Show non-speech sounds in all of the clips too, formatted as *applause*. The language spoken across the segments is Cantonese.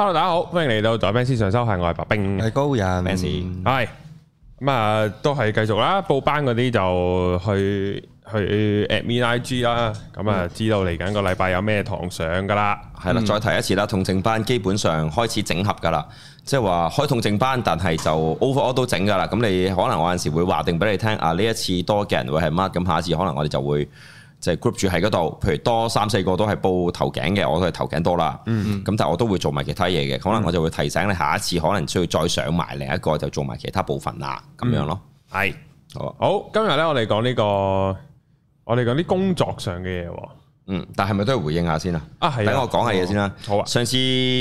hello，大家好，歡迎嚟到大 Benz 上修行，係我係白兵，係高人，係咁啊，都係繼續啦，報班嗰啲就去去 at me IG 啦、嗯，咁啊，知道嚟緊個禮拜有咩堂上噶啦，係啦，再提一次啦，痛症班基本上開始整合噶啦，即係話開痛症班，但係就 overall 都整噶啦，咁你可能我有時會話定俾你聽啊，呢一次多嘅人會係乜，咁下一次可能我哋就會。即係 group 住喺嗰度，譬如多三四個都係報頭頸嘅，我都係頭頸多啦。咁、嗯、但係我都會做埋其他嘢嘅，可能我就會提醒你下一次可能需要再上埋另一個就做埋其他部分啦，咁樣咯。係、嗯，好，好今日咧我哋講呢、呢個，我哋講啲工作上嘅嘢。嗯，但係咪都要回應下先啊？啊，係。等我講下嘢先啦。好啊。上次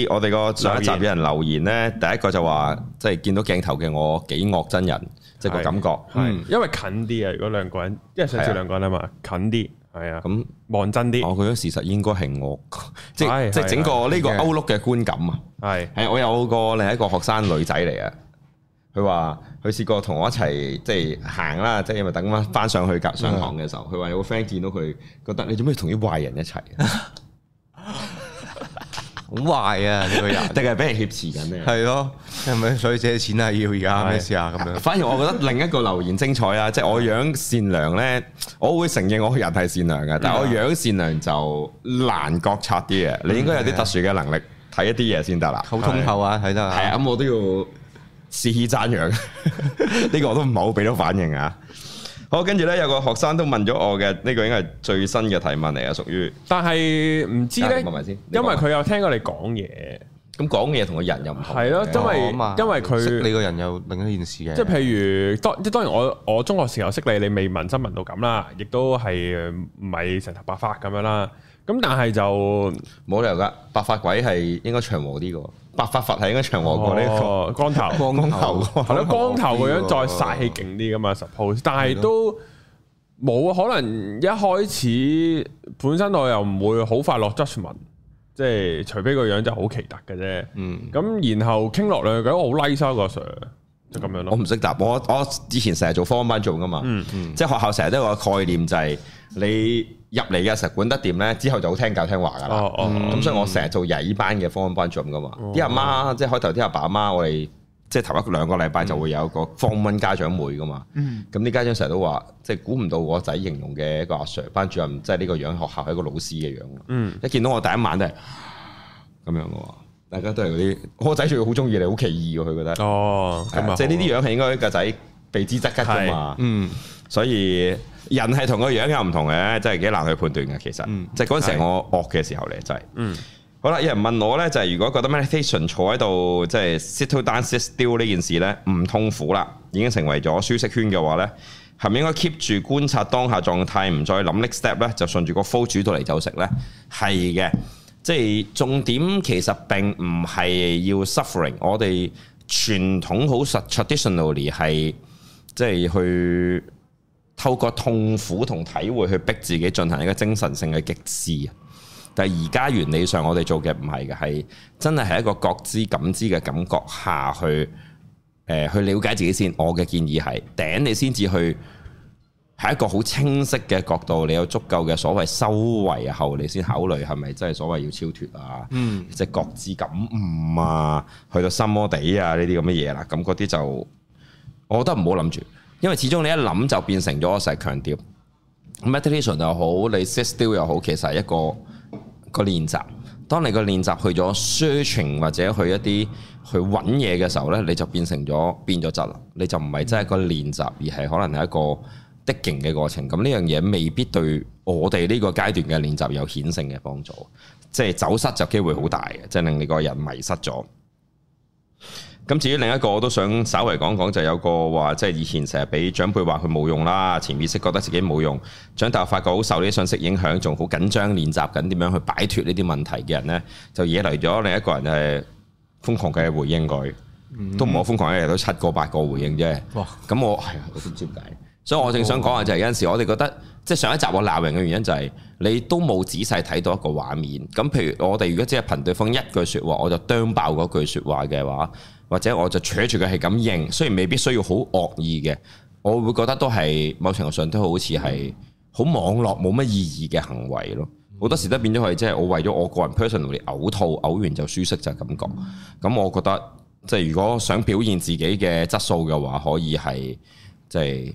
我哋個上一集有人留言咧，言第一個就話即係見到鏡頭嘅我幾惡真人，即、就、係、係、個感覺。嗯，因為近啲啊，如果兩個人，因為上次兩個人啊嘛，近啲。係啊，咁望真啲，我覺得事實應該係我，即係是即係整個呢個歐陸嘅觀感啊。係的，係我有個，另一個學生女仔嚟啊。佢話佢試過同我一齊，即係行啦，即係因為等翻翻上去隔上堂嘅時候，佢話的有個 friend 見到佢，覺得你做咩同啲壞人一齊？ *laughs* 好壞啊！你個人，定係俾人挾持緊咩？係咯，係咪所以借錢啊？要而家咩事啊？咁樣。反而我覺得另一個留言精彩啊！即係 *laughs* 我樣善良咧，我會承認我個人係善良嘅，但係我樣善良就難覺察啲嘢。你應該有啲特殊嘅能力睇 *laughs* 是、啊、一啲嘢先得啦。好通透啊！睇得。係啊，咁我都要試試讚揚。呢 *laughs* 個我都唔係好俾到反應啊。好，跟住咧，有個學生都問咗我嘅。呢、這個應該係最新嘅提問嚟啊，屬於。但係唔知咧，因為佢有聽過你講嘢，咁講嘢同個人又唔同。係咯、啊，因為嘛因為佢識你個人有另一件事嘅，即係譬如當即當然我我中學時候識你，你未聞新聞到咁啦，亦都係唔係成頭白髮咁樣啦。咁但係就冇理由噶，白髮鬼係應該長和啲嘅，白髮佛係應該長和過呢個、哦、光頭， *laughs* 光頭係的咯、哦，光頭個 *laughs* 樣再晒氣勁啲噶嘛，十拋。但係都冇啊。可能一開始本身我又唔會好快落 judgment，即係除非個樣就好奇特嘅啫。嗯，咁然後傾落兩句，覺得好 like 收個 Sir，就咁樣咯。我唔識答，我我之前成日做 form 方班做噶嘛，嗯嗯，即係學校成日都有個概念就係、是。你入嚟嘅時候管得掂咧，之後就好聽教聽話噶啦。咁、oh, um, 所以我成日做曳班嘅 form 班主任噶嘛。啲阿媽即係開頭啲阿爸阿媽，我哋即係頭一兩個禮拜就會有個 form 家長會噶嘛。咁啲、um, 家長成日都話，即係估唔到我仔形容嘅一個阿 Sir 班主任，即係呢個樣，學校係一個老師嘅、就是、樣，師樣。嗯，um, 一見到我第一晚都係咁樣噶嘛。大家都係嗰啲我仔最好中意你，好奇異佢、啊、覺得。哦、oh,，咁啊，即係呢啲樣係應該個仔避之則吉噶嘛。嗯。Um, 所以人係同個樣又唔同嘅，真係幾難去判斷嘅。其實，嗯、即係嗰陣時我惡嘅時候嚟，是就係、是。嗯。好啦，有人問我咧，就係、是、如果覺得 meditation 坐喺度，即、就、係、是、sit down sit still 呢件事咧唔痛苦啦，已經成為咗舒適圈嘅話咧，係咪應該 keep 住觀察當下狀態，唔再諗 next step 咧，就順住個 flow 煮到嚟就食咧？係嘅，即係重點其實並唔係要 suffering。我哋傳統好實 traditionally 係即係去。透過痛苦同體會去逼自己進行一個精神性嘅極致啊！但係而家原理上我，我哋做嘅唔係嘅，係真係喺一個覺知、感知嘅感覺下去，誒、呃、去了解自己先。我嘅建議係頂你先至去，喺一個好清晰嘅角度，你有足夠嘅所謂修為後，你先考慮係咪真係所謂要超脫啊？嗯，即係覺知感悟啊，去到心窩地啊呢啲咁嘅嘢啦，咁嗰啲就我覺得唔好諗住。因為始終你一諗就變成咗，我成日強調 meditation 又好，你 sit still 又好，其實係一個一個練習。當你個練習去咗 searching 或者去一啲去揾嘢嘅時候呢，你就變成咗變咗質啦。你就唔係真係個練習，而係可能係一個的勁嘅過程。咁呢樣嘢未必對我哋呢個階段嘅練習有顯性嘅幫助，即係走失就機會好大嘅，即係令你個人迷失咗。咁至於另一個，我都想稍微講講，就有個話，即係以前成日俾長輩話佢冇用啦，潛意識覺得自己冇用，長大發覺好受呢啲信息影響，仲好緊張練習緊點樣去擺脫呢啲問題嘅人呢，就惹嚟咗另一個人係瘋狂嘅回應佢，嗯、都唔好瘋狂一日都七個八個回應啫。咁哇我係啊，我點知點解。所以我正想講話就係有陣時，我哋覺得即係上一集我鬧人嘅原因就係、係、你都冇仔細睇到一個畫面。咁譬如我哋如果只係憑對方一句說話，我就釘爆嗰句說話嘅話。或者我就扯住佢係咁應。雖然未必需要好惡意嘅，我會覺得都係某程度上都好似係好網絡冇乜意義嘅行為咯。好多時都變咗佢即係我為咗我個人 personally 嘔吐，嘔完就舒適就感覺。咁我覺得即係如果想表現自己嘅質素嘅話，可以係即係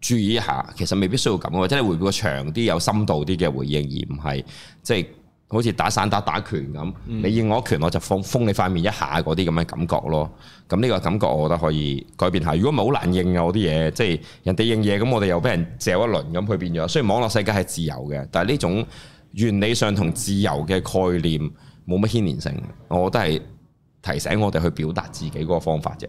注意一下。其實未必需要咁嘅，即係回個長啲、有深度啲嘅回應，而唔係即係。好似打散打打拳咁，嗯、你應我一拳我就封封你塊面一下嗰啲咁嘅感覺咯。咁呢個感覺我覺得可以改變下。如果唔係好難應啊，認我啲嘢即係人哋應嘢，咁我哋又俾人嚼一輪咁，去變咗。雖然網絡世界係自由嘅，但係呢種原理上同自由嘅概念冇乜牽連性。我覺得係提醒我哋去表達自己嗰個方法啫。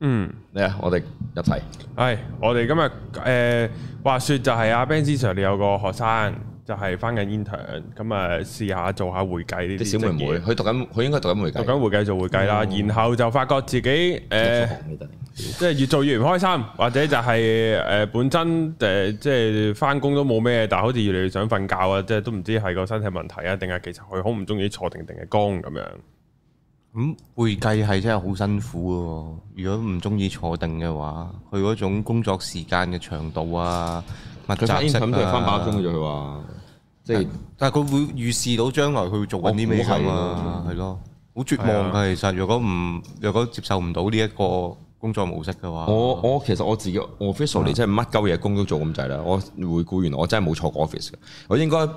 嗯，你啊！我哋一齊。係，我哋今日誒、呃、話説就係阿 Benz Sir，你有個學生。就係翻緊 intern，咁誒試下做下會計呢啲小妹妹，佢讀緊，佢應該讀緊會計，讀緊會計做會計啦。嗯、然後就發覺自己誒，嗯呃、即係越做越唔開心， *laughs* 或者就係、是、誒、呃、本身誒、呃、即係翻工都冇咩，但係好似越嚟越想瞓覺啊！即係都唔知係個身體問題啊，定係其實佢好唔中意坐定定嘅工咁樣。咁、嗯、會計係真係好辛苦喎！如果唔中意坐定嘅話，佢嗰種工作時間嘅長度啊、物質啊，佢翻 intern 就翻八個鐘嘅啫，佢話。即係，就是、但係佢會預視到將來佢會做緊啲咩㗎嘛？係咯，好的絕望㗎其實。如果唔，若果接受唔到呢一個工作模式嘅話，我我其實我自己 officially，即係乜鳩嘢工都做咁滯啦。我回顧原來我真係冇坐過 office 嘅，我應該好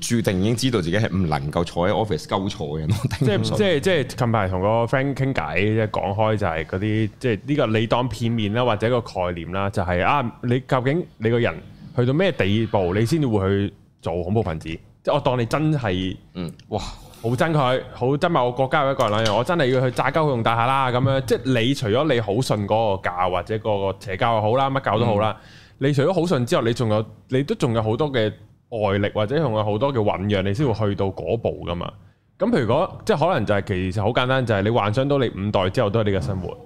註定已經知道自己係唔能夠坐喺 office 鳩坐嘅人。即即即係近排同個 friend 傾偈，即係講開就係嗰啲，即係呢個你當片面啦，或者個概念啦，就係啊，你究竟你個人去到咩地步，你先至會去，做恐怖分子，即係我當你真係，嗯，哇，好憎佢，好憎某我國家嘅一個人那樣，我真係要去炸鳩佢棟大廈啦咁樣。嗯、即係你除咗你好信嗰個教或者嗰個邪教又好啦，乜教都好啦、嗯，你除咗好信之後，你仲有，你都仲有好多嘅外力或者仲有好多嘅醞釀，你先會去到嗰步噶嘛。咁譬如講，即係可能就係其實好簡單，就係、是、你幻想到你五代之後都係你嘅生活，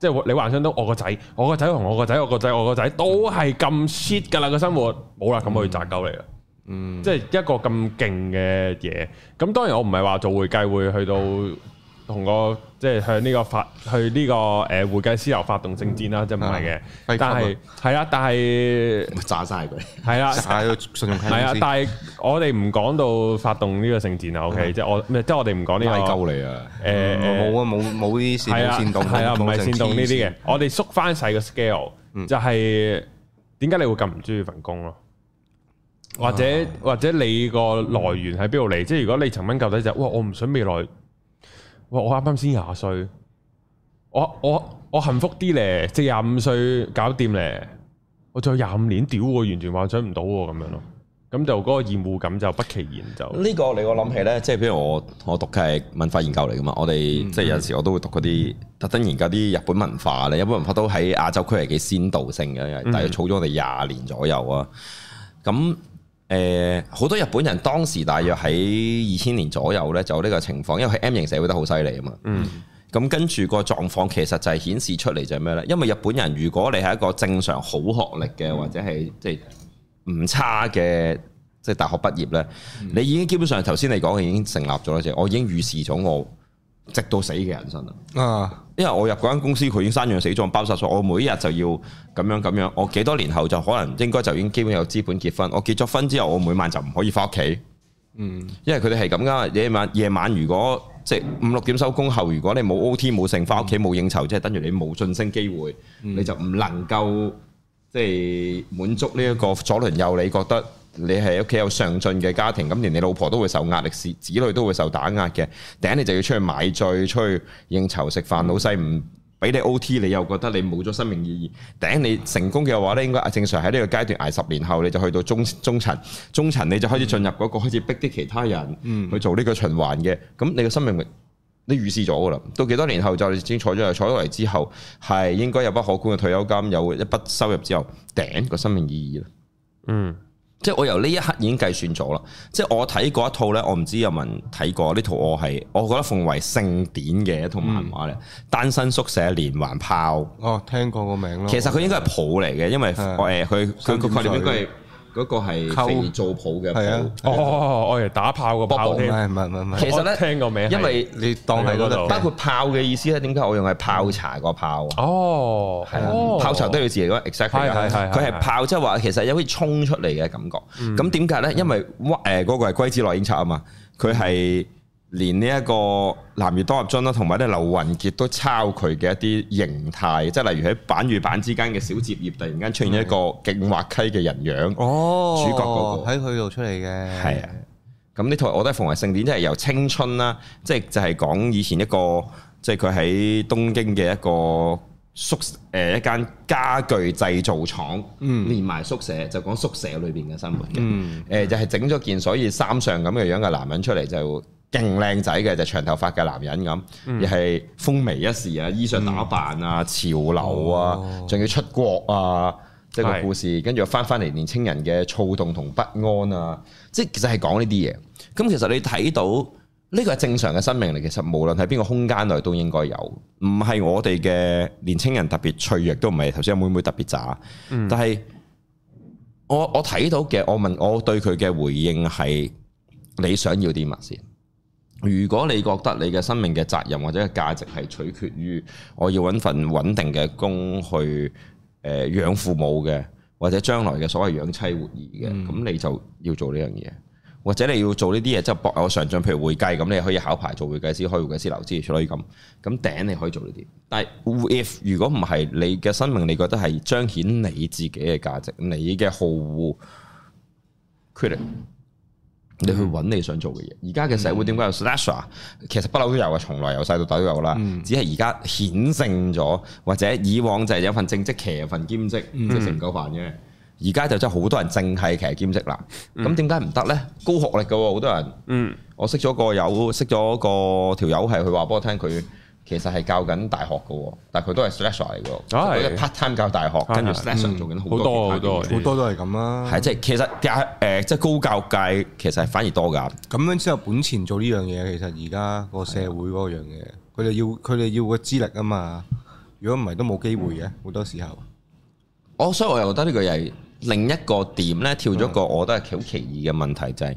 即係、嗯、你幻想到我個仔，我個仔同我個仔，我個仔我個仔都係咁 shit 噶啦個生活，冇啦、嗯，咁我要炸鳩你啦。嗯，即係一個咁勁嘅嘢，咁當然我唔係話做會計會去到同個即係向呢個發去呢個誒會計師樓發動聖戰啦，即係唔係嘅，但係係啊，但係炸晒佢係啊，晒個信用係啊，但係我哋唔講到發動呢個聖戰啊，O K，即係我即係我哋唔講呢個係鳩嚟啊，誒，冇啊冇冇呢啲煽煽動，係啊，唔係煽動呢啲嘅，我哋縮翻細個 scale，就係點解你會咁唔中意份工咯？或者或者你個來源喺邊度嚟？即係如果你曾經舊底就哇，我唔想未來哇，我啱啱先廿歲，我我我幸福啲咧，即係廿五歲搞掂咧，我仲有廿五年屌喎，完全幻想唔到喎咁樣咯。咁就嗰個厭惡感就不其然就呢、這個你我諗起咧，即係譬如我我讀嘅係文化研究嚟噶嘛，我哋、嗯、即係有陣時我都會讀嗰啲特登研究啲日本文化咧。日本文化都喺亞洲區係幾先導性嘅，嗯、但係儲咗我哋廿年左右啊，咁。誒好多日本人當時大約喺二千年左右呢，就呢個情況，因為喺 M 型社會得好犀利啊嘛。嗯。咁跟住個狀況其實就係顯示出嚟就係咩呢？因為日本人如果你係一個正常好學歷嘅，或者係即係唔差嘅，即係大學畢業呢，嗯、你已經基本上頭先你講嘅已經成立咗，即係我已經預示咗我。直到死嘅人生啊！啊，因為我入嗰間公司，佢已經生養死葬包曬所有，我每一日就要咁樣咁樣。我幾多年後就可能應該就已經基本有資本結婚。我結咗婚之後，我每晚就唔可以返屋企。嗯，因為佢哋係咁噶。夜晚夜晚，如果即係五六點收工後，如果你冇 O T 冇剩，返屋企冇應酬，即係等於你冇晉升機會，嗯、你就唔能夠即係滿足呢一個左鄰右，你覺得？你係屋企有上進嘅家庭，咁連你老婆都會受壓力，子子女都會受打壓嘅。頂你就要出去買醉，出去應酬食飯。老細唔俾你 OT，你又覺得你冇咗生命意義。頂你成功嘅話咧，應該正常喺呢個階段捱十年後，你就去到中中層中層，中層你就開始進入嗰、嗰個、嗯、開始逼啲其他人去做呢個循環嘅。咁你嘅生命都預示咗噶啦。到幾多年後就你先坐咗嚟，坐咗嚟之後係應該有筆可觀嘅退休金，有一筆收入之後，頂、嗰個生命意義啦。嗯。即係我由呢一刻已經計算咗啦，即係我睇嗰一套呢，我唔知有冇人睇過呢套，我係我，我覺得奉為聖典嘅一套漫畫呢，嗯、《單身宿舍連環炮》。哦，聽過個名咯。其實佢應該係譜嚟嘅，的因為佢佢佢裏邊應該係。的它嗰個係肥皂嘅泡，扣啊，啊哦我用打炮個炮，唔係唔係唔係，其實咧，聽個名，因為你當係嗰度，包括炮嘅意思咧，點解我用係泡茶個泡？哦，係啊，泡茶都要自己㗎，exactly，係係係，佢係泡，即係話其實有好似衝出嚟嘅感覺。咁點解咧？因為哇，誒嗰個係龜之內英茶啊嘛，佢係。連呢一個男兒當入樽啦，同埋咧劉雲傑都抄佢嘅一啲形態，即係例如喺板與板之間嘅小折葉，突然間出現一個勁滑稽嘅人樣。哦，主角嗰、那個喺佢度出嚟嘅。係啊，咁呢套我都係奉為聖典，即、就、係、是、由青春啦，即係就係、是、講以前一個，即係佢喺東京嘅一個宿，誒、呃、一間家，家具製造廠，嗯，連埋宿舍就講宿舍裏邊嘅生活嘅。嗯，呃、就係整咗件所以三上咁嘅樣嘅男人出嚟就。勁靚仔嘅就是、長頭髮嘅男人咁，亦係、嗯、風靡一時啊，衣着打扮啊，嗯、潮流啊，仲、哦、要出國啊，即、就、係、是、個故事。跟住又翻翻嚟，年青人嘅躁動同不安啊，即係其實係講呢啲嘢。咁其實你睇到呢個係正常嘅生命嚟，其實無論喺邊個空間內都應該有，唔係我哋嘅年青人特別脆弱，都唔係頭先阿妹妹特別渣，嗯、但係我我睇到嘅，我問我對佢嘅回應係你想要啲乜先？如果你覺得你嘅生命嘅責任或者價值係取決於我要揾份穩定嘅工去誒養父母嘅，或者將來嘅所謂養妻活兒嘅，咁、嗯、你就要做呢樣嘢，或者你要做呢啲嘢，即係博有上進，譬如會計咁，你可以考牌做會計師開會計師留資出嚟咁，咁頂你可以做呢啲。但係 if 如果唔係，你嘅生命你覺得係彰顯你自己嘅價值，你嘅毫無 credit。你去揾你想做嘅嘢，而家嘅社會點解？slash 有、嗯、其實不嬲都有，從來由細到大都有啦，嗯、只係而家顯性咗，或者以往就係有份正職騎有份兼職，即係食唔夠飯嘅。而家、嗯、就真係好多人淨係騎兼職啦。咁點解唔得咧？高學歷嘅喎，好多人。嗯、我識咗個友，識咗個條友係佢話幫我聽佢。其實係教緊大學嘅，但係佢都係 session 嚟嘅，part time 教大學，的跟住 session 做緊好多好多好多都係咁啦。係即係其實，誒即係高教界其實係反而多㗎。咁樣之後本錢做呢樣嘢，其實而家個社會嗰樣嘢，佢哋的要佢哋要個資歷啊嘛。如果唔係都冇機會嘅，好 *laughs* 多時候。我、oh，所以我又覺得呢個又係另一個點咧，跳咗個我覺得係好奇異嘅問題就係、是。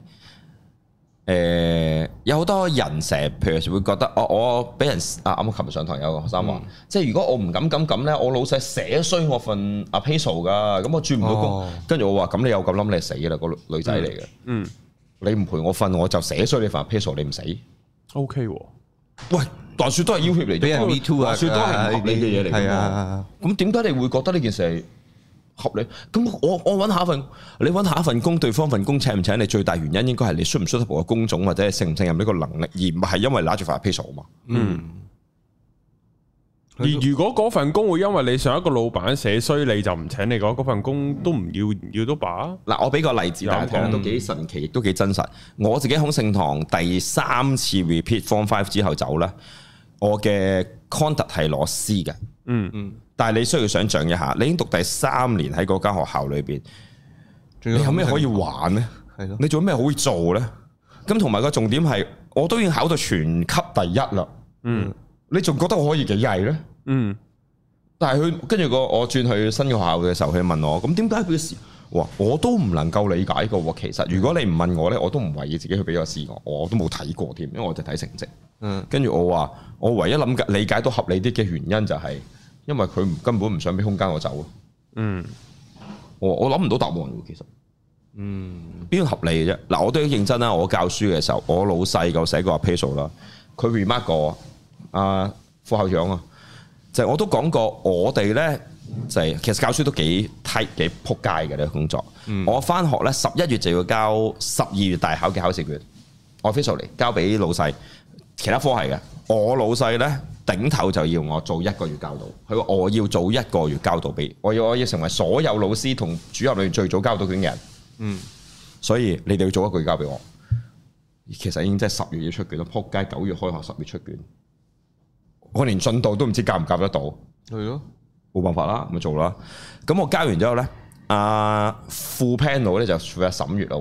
誒、呃、有好多人成日譬如會覺得，哦，我俾人啊，啱啱琴日上堂有個學生話，嗯、即係如果我唔敢咁咁咧，我老細寫衰我份啊 proposal 噶，咁我轉唔到工。跟住、哦、我話，咁你有咁諗，你死啦個女仔嚟嘅。嗯，你唔陪我瞓，我就寫衰你份 proposal 你唔死。O K、嗯、喂，大雪都係要挾嚟，俾人 w two 啊，話都係學呢啲嘢嚟嘅。係咁點解你會覺得呢件事？合理，咁我我揾下一份，你揾下一份工，對方份工請唔請你？最大原因應該係你適唔適合嗰工種，或者勝唔勝任呢個能力，而唔係因為攞住份 paper 啊嘛。嗯。而如果嗰份工會因為你上一個老闆寫衰，你就唔請你嗰嗰份工都唔要，嗯、要都把。嗱，我俾個例子，但係講到幾神奇，亦都幾真實。我自己孔聖堂第三次 repeat form five 之後走啦。我嘅 conduct 係攞 C 嘅，嗯嗯，但係你需要想象一下，你已經讀第三年喺嗰間學校裏邊，你有咩可以玩呢？係咯的，你做咩可以做呢？咁同埋個重點係，我都已經考到全級第一啦。嗯，你仲覺得我可以幾曳呢？嗯，但係佢跟住個我轉去新嘅學校嘅時候，佢問我咁點解佢嘅事？我都唔能夠理解嘅。我其實如果你唔問我呢，我都唔懷疑自己去俾我試過，我都冇睇過添，因為我就睇成績。嗯，跟住我話，我唯一諗解理解到合理啲嘅原因就係、是，因為佢唔根本唔想俾空間我走咯。嗯我，我我諗唔到答案其實。嗯，邊合理嘅啫？嗱，我都要認真啦。我教書嘅時候，我老細我寫過 proposal 啦。佢 remark 過阿副校長啊，就係、我都講過我呢，我哋咧就係、是、其實教書都幾 tight 幾撲街嘅呢個工作。嗯、我翻學咧十一月就要交十二月大考嘅考試卷，officially 交俾老細。其他科系嘅，我老細呢頂頭就要我做一個月交到。佢話我要做一個月交到俾，我要我要成為所有老師同主任裏邊最早交到卷嘅人，嗯，所以你哋要做一個月交俾我，其實已經即係十月要出卷啦，扑街九月開學十月出卷，我連進度都唔知夾唔夾得到，係咯的，冇辦法啦，咁咪做啦，咁我交完之後呢，啊副 panel 呢就負責審閱啦，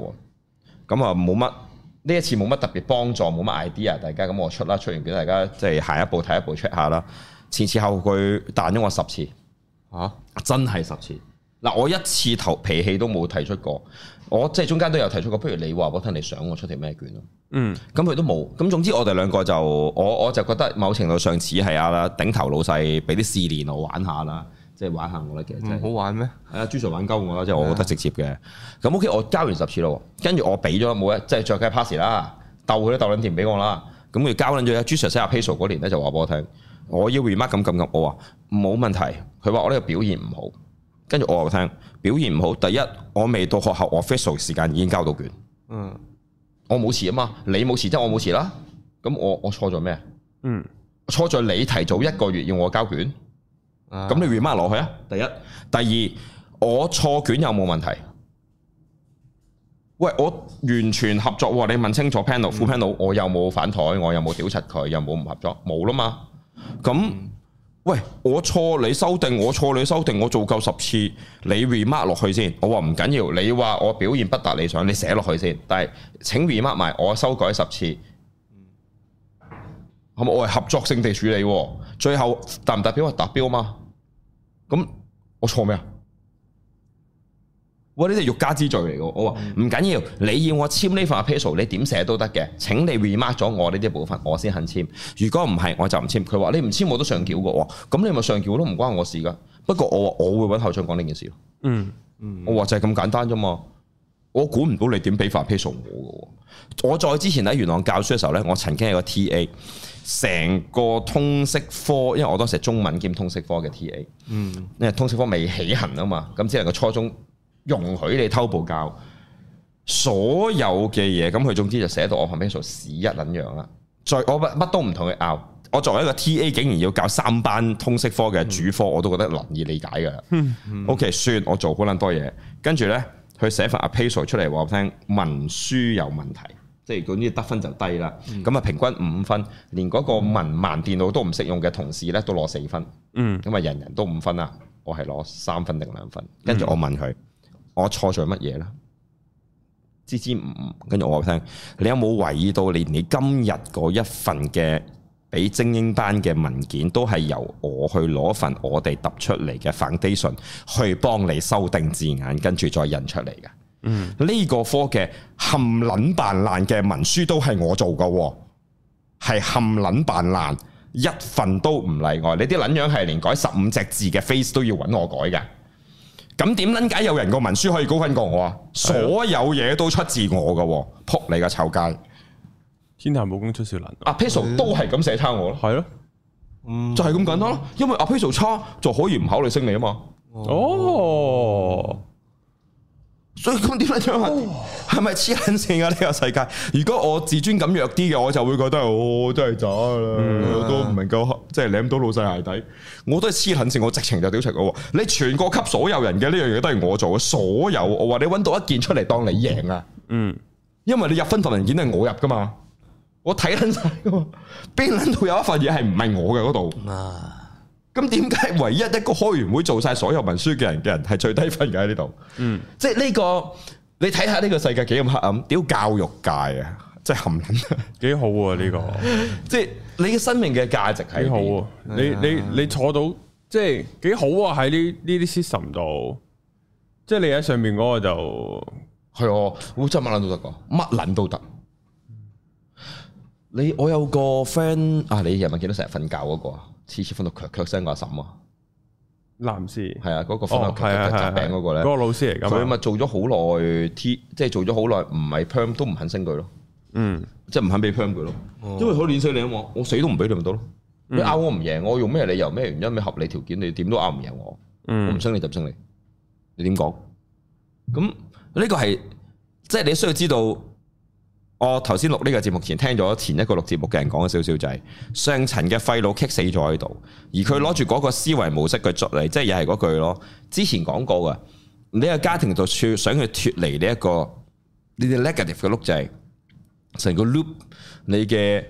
咁啊冇乜。呢一次冇乜特別幫助，冇乜 idea，大家，咁我出啦，出完卷大家即係行一步睇一步 check 下啦。前次後佢彈咗我十次，嚇、啊、真係十次。嗱我一次頭脾氣都冇提出過，我即係中間都有提出過。不如你話我聽你想我出條咩卷咯？嗯，咁佢都冇。咁總之我哋兩個就我我就覺得某程度上似係啊啦，頂頭老細俾啲試煉我玩下啦。即係玩下我，我覺得其實真係好玩咩？係啊，朱 Sir 玩鳩我啦，即係我覺得直接嘅。咁的 OK，我交完十次咯，跟住我俾咗冇一，即係再計 pass 啦，逗佢都逗兩甜俾我啦。咁佢交撚咗，朱 Sir 寫阿 P Sir 嗰年咧就話俾我聽，我要 remark 咁咁咁，我話冇問題。佢話我呢個表現唔好，跟住我又聽表現唔好。第一，我未到學校 official 時間已經交到卷，嗯，我冇遲啊嘛，你冇遲，即係我冇遲啦。咁我我錯咗咩？嗯，錯在你提早一個月要我交卷。咁你 remark 落去啊？第一、第二，我錯卷有冇問題？喂，我完全合作。我話你問清楚 panel、嗯、副 panel，我有冇反台？我有冇屌柒佢？ *laughs* 又有冇唔合作？冇啦嘛。咁、嗯嗯、喂，我錯你修訂，我錯你修訂，我做夠十次，你 remark 落去先。我話唔緊要，你話我表現不達理想，你寫落去先。但係請 remark 埋，我修改十次，係咪、嗯嗯、我係合作性地處理？最後達唔達標係達標啊嘛，咁我錯咩啊？我呢啲係欲加之罪嚟噶，我話唔緊要，你要我簽呢份 proposal，你點寫都得嘅，請你 remark 咗我呢啲部分，我先肯簽。如果唔係，我就唔簽。佢話你唔簽我都上繳噶，咁你咪上繳都唔關我事噶。不過我話我會揾校長講呢件事咯。嗯嗯，我話就係咁簡單啫嘛。我估唔到你點俾份批數我嘅。我再之前喺元朗教書嘅時候呢，我曾經係個 T A，成個通識科，因為我當時係中文兼通識科嘅 T A，嗯，因為通識科未起行啊嘛，咁只能夠初中容許你偷步教所有嘅嘢，咁佢總之就寫到我旁邊數屎一捻樣啦。再我乜都唔同佢拗，我作為一個 T A，竟然要教三班通識科嘅主科，嗯、我都覺得難以理解噶。嗯、OK，算我做好捻多嘢，跟住呢。佢寫份阿 p e 出嚟話我聽文書有問題，即係嗰啲得分就低啦。咁啊、嗯、平均五分，連嗰個文盲電腦都唔識用嘅同事咧都攞四分。咁啊、嗯、人人都五分啦，我係攞三分定兩分。跟住我問佢，嗯、我錯咗乜嘢咧？支支吾吾。跟住我話聽，你有冇懷疑到你你今日嗰一份嘅？俾精英班嘅文件都係由我去攞份我哋揼出嚟嘅 foundation 去幫你修訂字眼，跟住再印出嚟嘅。嗯，呢個科嘅冚撚扮爛嘅文書都係我做㗎喎，係冚撚扮爛，一份都唔例外。你啲撚樣係連改十五隻字嘅 face 都要揾我改嘅。咁點捻解有人個文書可以高分過我啊？的所有嘢都出自我㗎喎，扑你個臭街！天下武功出少林。阿佩蘇都係咁寫差我咯，係咯、啊，嗯、就係咁簡單咯。嗯、因為阿佩蘇差就可以唔考慮升你啊嘛。哦，所以咁點解點解係咪黐撚線啊？呢、這個世界，如果我自尊感弱啲嘅，我就會覺得哦，我真係渣啦，嗯、都唔能夠即係舐到老細鞋底。我都係黐撚線。我直情就屌柒我。你全國級所有人嘅呢樣嘢都係我做，所有我話你搵到一件出嚟當你贏啊。嗯，因為你入分文件都係我入噶嘛。我睇緊晒噶嘛，邊諗到有一份嘢係唔係我嘅嗰度？咁點解唯一一個開完會做晒所有文書嘅人嘅人係最低分嘅喺呢度？嗯，即係、這、呢個你睇下呢個世界幾咁黑暗？屌教育界含啊，真係冚，幾好啊呢個！ *laughs* 即係你嘅生命嘅價值喺邊？幾好啊！你你你坐到即係幾好啊！喺呢呢啲 system 度，即係你喺上面嗰個就係我，好係乜諗都得噶，乜諗都得。你我有個 friend、那個、士啊，你又咪見到成日瞓覺嗰個啊，次次瞓到噠噠聲個阿嬸啊，男士係啊，嗰個瞓到噠噠餅嗰個咧，嗰個老師嚟㗎，所以咪做咗好耐，t 即係做咗好耐，唔係 perm 都唔肯升佢咯，嗯，即係唔肯俾 perm 佢咯，哦、因為我亂衰你啊嘛，我死都唔俾你咪得咯，你拗、嗯、我唔贏我，用咩理由咩原因咩合理條件，你點都拗唔贏我，嗯、我唔升你就唔升你，你點講？咁呢個係即係你需要知道。我頭先錄呢個節目前，聽咗前一個錄節目嘅人講咗少少就係、是、上層嘅廢老棘死咗喺度，而佢攞住嗰個思維模式佢作嚟，即係又係嗰句咯。之前講過嘅，你個家庭就處想去脱離呢、這、一個呢啲 negative 嘅 loop 就係、是、成個 loop 你嘅。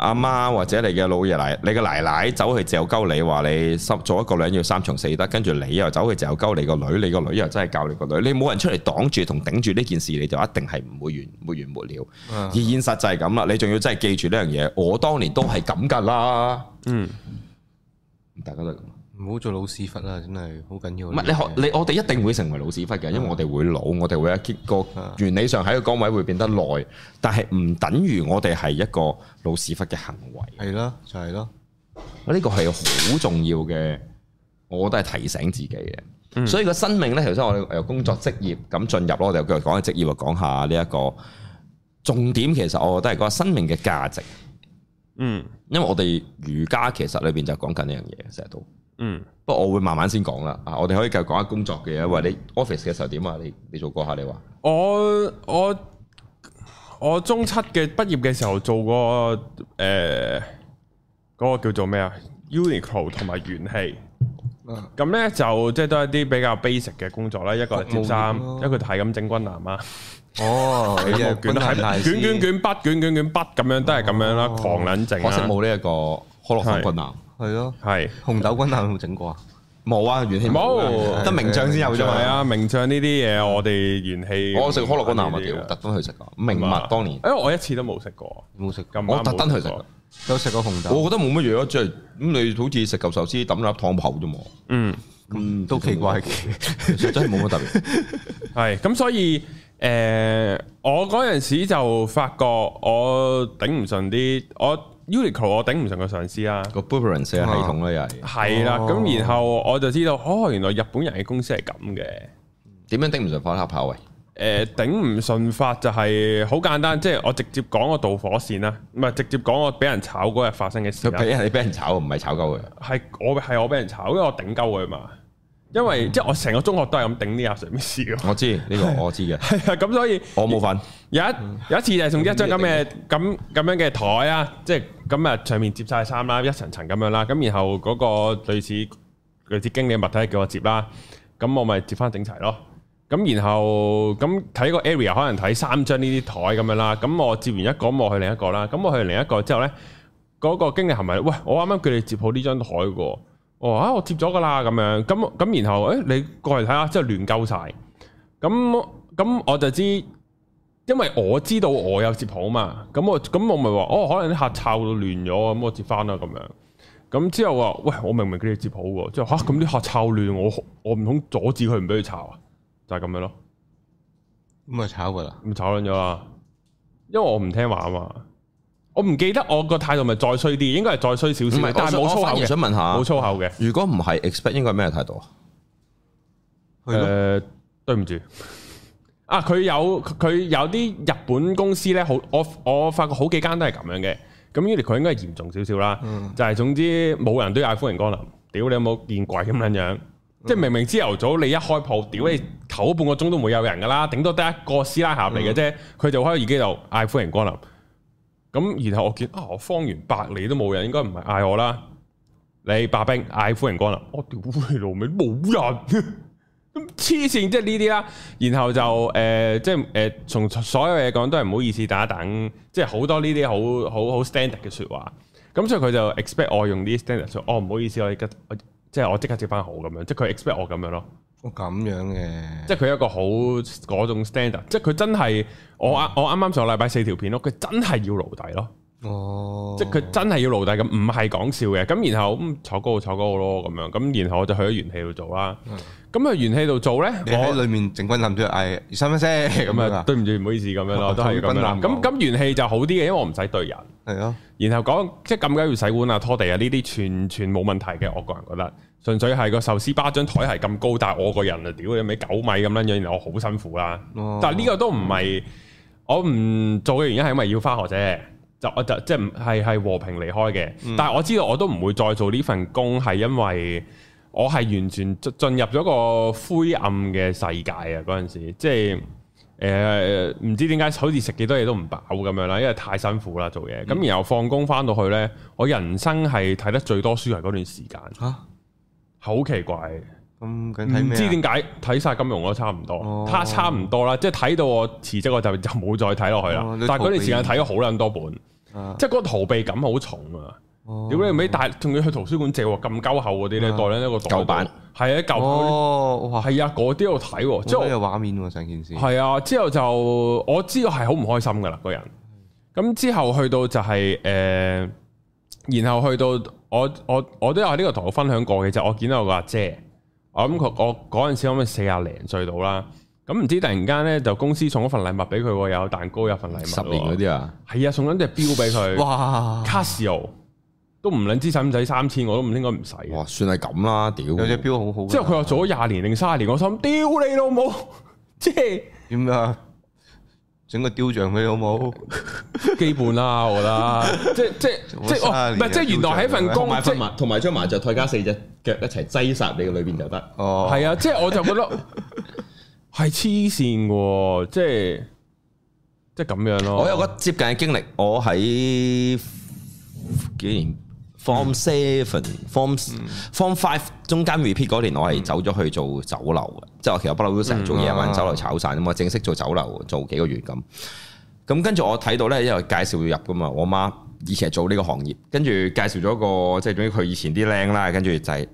阿媽或者你嘅老爺奶、你嘅奶奶走去嚼鳩你，話你三做一個女人要三從四德。跟住你又走去嚼鳩你個女，你個女又真係教你個女，你冇人出嚟擋住同頂住呢件事，你就一定係唔會完，沒完沒了。嗯、而現實就係咁啦，你仲要真係記住呢樣嘢，我當年都係咁噶啦。嗯，大家都係咁。唔好做老屎忽啦，真係好緊要。唔係你學你我哋一定會成為老屎忽嘅，因為我哋會老，我哋會一結個原理上喺個崗位會變得耐，嗯、但係唔等於我哋係一個老屎忽嘅行為。係咯，就係、是、咯，呢個係好重要嘅，我都係提醒自己嘅。嗯、所以個生命呢，頭先我哋由工作職業咁進入咯，我哋又講下職業，講下呢、這、一個重點。其實我覺得係個生命嘅價值。嗯，因為我哋瑜伽其實裏邊就講緊呢樣嘢，成日都。嗯，不過我會慢慢先講啦。啊，我哋可以繼續講下工作嘅，因為你 office 嘅時候點啊？你你做過下你話？我我我中七嘅畢業嘅時候做過誒，嗰個叫做咩啊？Uniqlo 同埋元氣。啊，咁咧就即係都係一啲比較 basic 嘅工作啦。一個係接衫，一個係咁整軍艦啊。哦，卷太卷卷卷筆卷卷卷筆咁樣都係咁樣啦，狂捻整，可惜冇呢一個可樂風困係咯，係紅豆軍蛋有冇整過啊？冇啊，元氣冇，得名將先有啫嘛。係啊，名將呢啲嘢我哋元氣，我食可樂軍蛋嘅，特登去食過。名物當年，哎呀，我一次都冇食過，冇食，我特登去食，有食過紅豆。我覺得冇乜嘢咯，即係咁你好似食舊壽司抌粒湯泡啫嘛。嗯，嗯，都奇怪嘅，其實真係冇乜特別。係咁，所以誒，我嗰陣時就發覺我頂唔順啲我。Uniqlo 我頂唔順個上司啦、啊，個 Burberry 成個系統啦又係，係啦，咁然後我就知道哦，原來日本人嘅公司係咁嘅，點樣頂唔順放黑炮啊？誒、呃、頂唔順法就係、是、好簡單，即係我直接講個導火線啦，唔係直接講我俾人炒嗰日發生嘅事，佢俾人，你俾人炒唔係炒鳩佢，係我係我俾人炒，因為我頂鳩佢嘛。因為即係我成個中學都係咁頂呢阿 Sir 面笑，我知呢個我知嘅。係啊，咁所以我冇份。有一有一次就係送一張咁嘅咁咁樣嘅台啊，即係咁啊上面接晒衫啦，一層層咁樣啦。咁然後嗰個類似類似經理嘅物體叫我接啦。咁我咪接翻整齊咯。咁然後咁睇個 area 可能睇三張呢啲台咁樣啦。咁我接完一個，我去另一個啦。咁我去完另一個之後咧，嗰個經理係咪喂？我啱啱叫你接好呢張台個。哦啊！我接咗噶啦，咁樣咁咁，然後誒、欸，你過嚟睇下，即係亂鳩晒，咁咁我就知，因為我知道我有接好嘛，咁我咁我咪話，哦，可能啲客炒到亂咗，咁我接翻啦，咁樣，咁之後話，喂，我明明佢哋接好喎，之後吓，咁、啊、啲客炒亂，我我唔通阻止佢唔俾佢炒啊，就係、是、咁樣咯，咁咪炒噶啦，咁炒卵咗啊，因為我唔聽話啊嘛。我唔記得我個態度咪再衰啲，應該係再衰少少，是但係冇粗口嘅。冇粗口嘅。如果唔係 expect，應該係咩態度、 *laughs* 呃、啊？誒，對唔住啊！佢有佢有啲日本公司咧，好我我發覺好幾間都係咁樣嘅。咁依度佢應該係嚴重少少啦。就係、是、總之冇人都嗌歡迎光臨，屌你有冇見鬼咁樣樣？即、就、係、是、明明朝頭早你一開鋪，屌、嗯、你唞半個鐘都唔會有人噶啦，頂多得一個師奶客嚟嘅啫，佢、嗯、就開自己度嗌歡迎光臨。咁然後我見啊，我方圓百里都冇人，應該唔係嗌我啦。你白兵嗌歡迎光臨，我、哦、屌你老味冇人，咁，黐線即係呢啲啦。然後就誒、呃、即係誒從所有嘢講都係唔好意思，打等即係好多呢啲好好好 standard 嘅説話。咁、嗯、所以佢就 expect 我用呢啲 standard，所以我唔好意思，我而家即係我即刻接翻好咁樣，即係佢 expect 我咁樣咯。哦，咁樣嘅，即係佢有一個好嗰種 standard，即係佢真係我、嗯、我啱啱上個禮拜四條片咯，佢真係要牢底咯。哦即，即係佢真係要奴隸咁，唔係講笑嘅。咁然後坐高個坐高個咯，咁樣，咁然後我就去咗元氣度做啦。咁去、嗯、元氣度做咧，我喺裏面整軍艦住，哎，sorry 唔咁啊，對唔住，唔好意思咁樣咯，哦、都係軍艦。咁咁、嗯、元氣就好啲嘅，因為我唔使對人。係咯、嗯，然後即講即係咁梗要洗碗啊、拖地啊呢啲，全全冇問題嘅。我個人覺得純粹係個壽司巴張台係咁高，但係我個人啊屌，有咩九米咁樣樣，我好辛苦啦。但係呢個都唔係我唔做嘅原因，係因為要返學啫。就我就即係係和平離開嘅，嗯、但係我知道我都唔會再做呢份工，係因為我係完全進入咗個灰暗嘅世界啊！嗰陣時即係誒唔知點解好似食幾多嘢都唔飽咁樣啦，因為太辛苦啦做嘢。咁、嗯、然後放工翻到去呢，我人生係睇得最多書係嗰段時間，嚇、啊，好奇怪。唔知點解睇晒金融都差唔多，差差唔多啦，即係睇到我辭職我就就冇再睇落去啦。但係嗰段時間睇咗好撚多本，即係嗰個逃避感好重啊！如果你尾，但係仲要去圖書館借咁鳩厚嗰啲咧，代咧一個舊版，係啊舊版。哦，哇，係啊，嗰啲我睇，即係有畫面成件事。係啊，之後就我知道係好唔開心噶啦個人。咁之後去到就係誒，然後去到我我我都有喺呢個同我分享過嘅就，我見到個阿姐。我諗佢，我嗰陣時諗佢四廿零歲到啦，咁唔知突然間咧就公司送一份禮物俾佢，有蛋糕有份禮物，十年嗰啲啊，係啊，送緊隻表俾佢，哇，casio 都唔捻知使唔使三千，我都唔應該唔使，哇，算係咁啦，屌，有隻表好好，之後佢話做咗廿年定卅年，我心屌你老母，即係，點啊？整個雕像佢好唔好？基本啦，我覺得即 *laughs* 即即我唔係即原來係一份工有即同埋將麻雀台加四隻腳一齊擠殺你個裏邊就得。哦，係啊，即我就覺得係黐線嘅，即即咁、就是、樣咯、啊。我有個接近嘅經歷，我喺幾年。Form seven，form、嗯、form five，中間 repeat 嗰年、嗯、我係走咗去做酒樓嘅，嗯、即係我其實不嬲都成日做夜晚酒樓、嗯啊、炒散啊嘛，正式做酒樓做幾個月咁。咁、嗯嗯、跟住我睇到咧，因為介紹入噶嘛，我媽以前係做呢個行業，跟住介紹咗個即係總之佢以前啲僆啦，跟住就係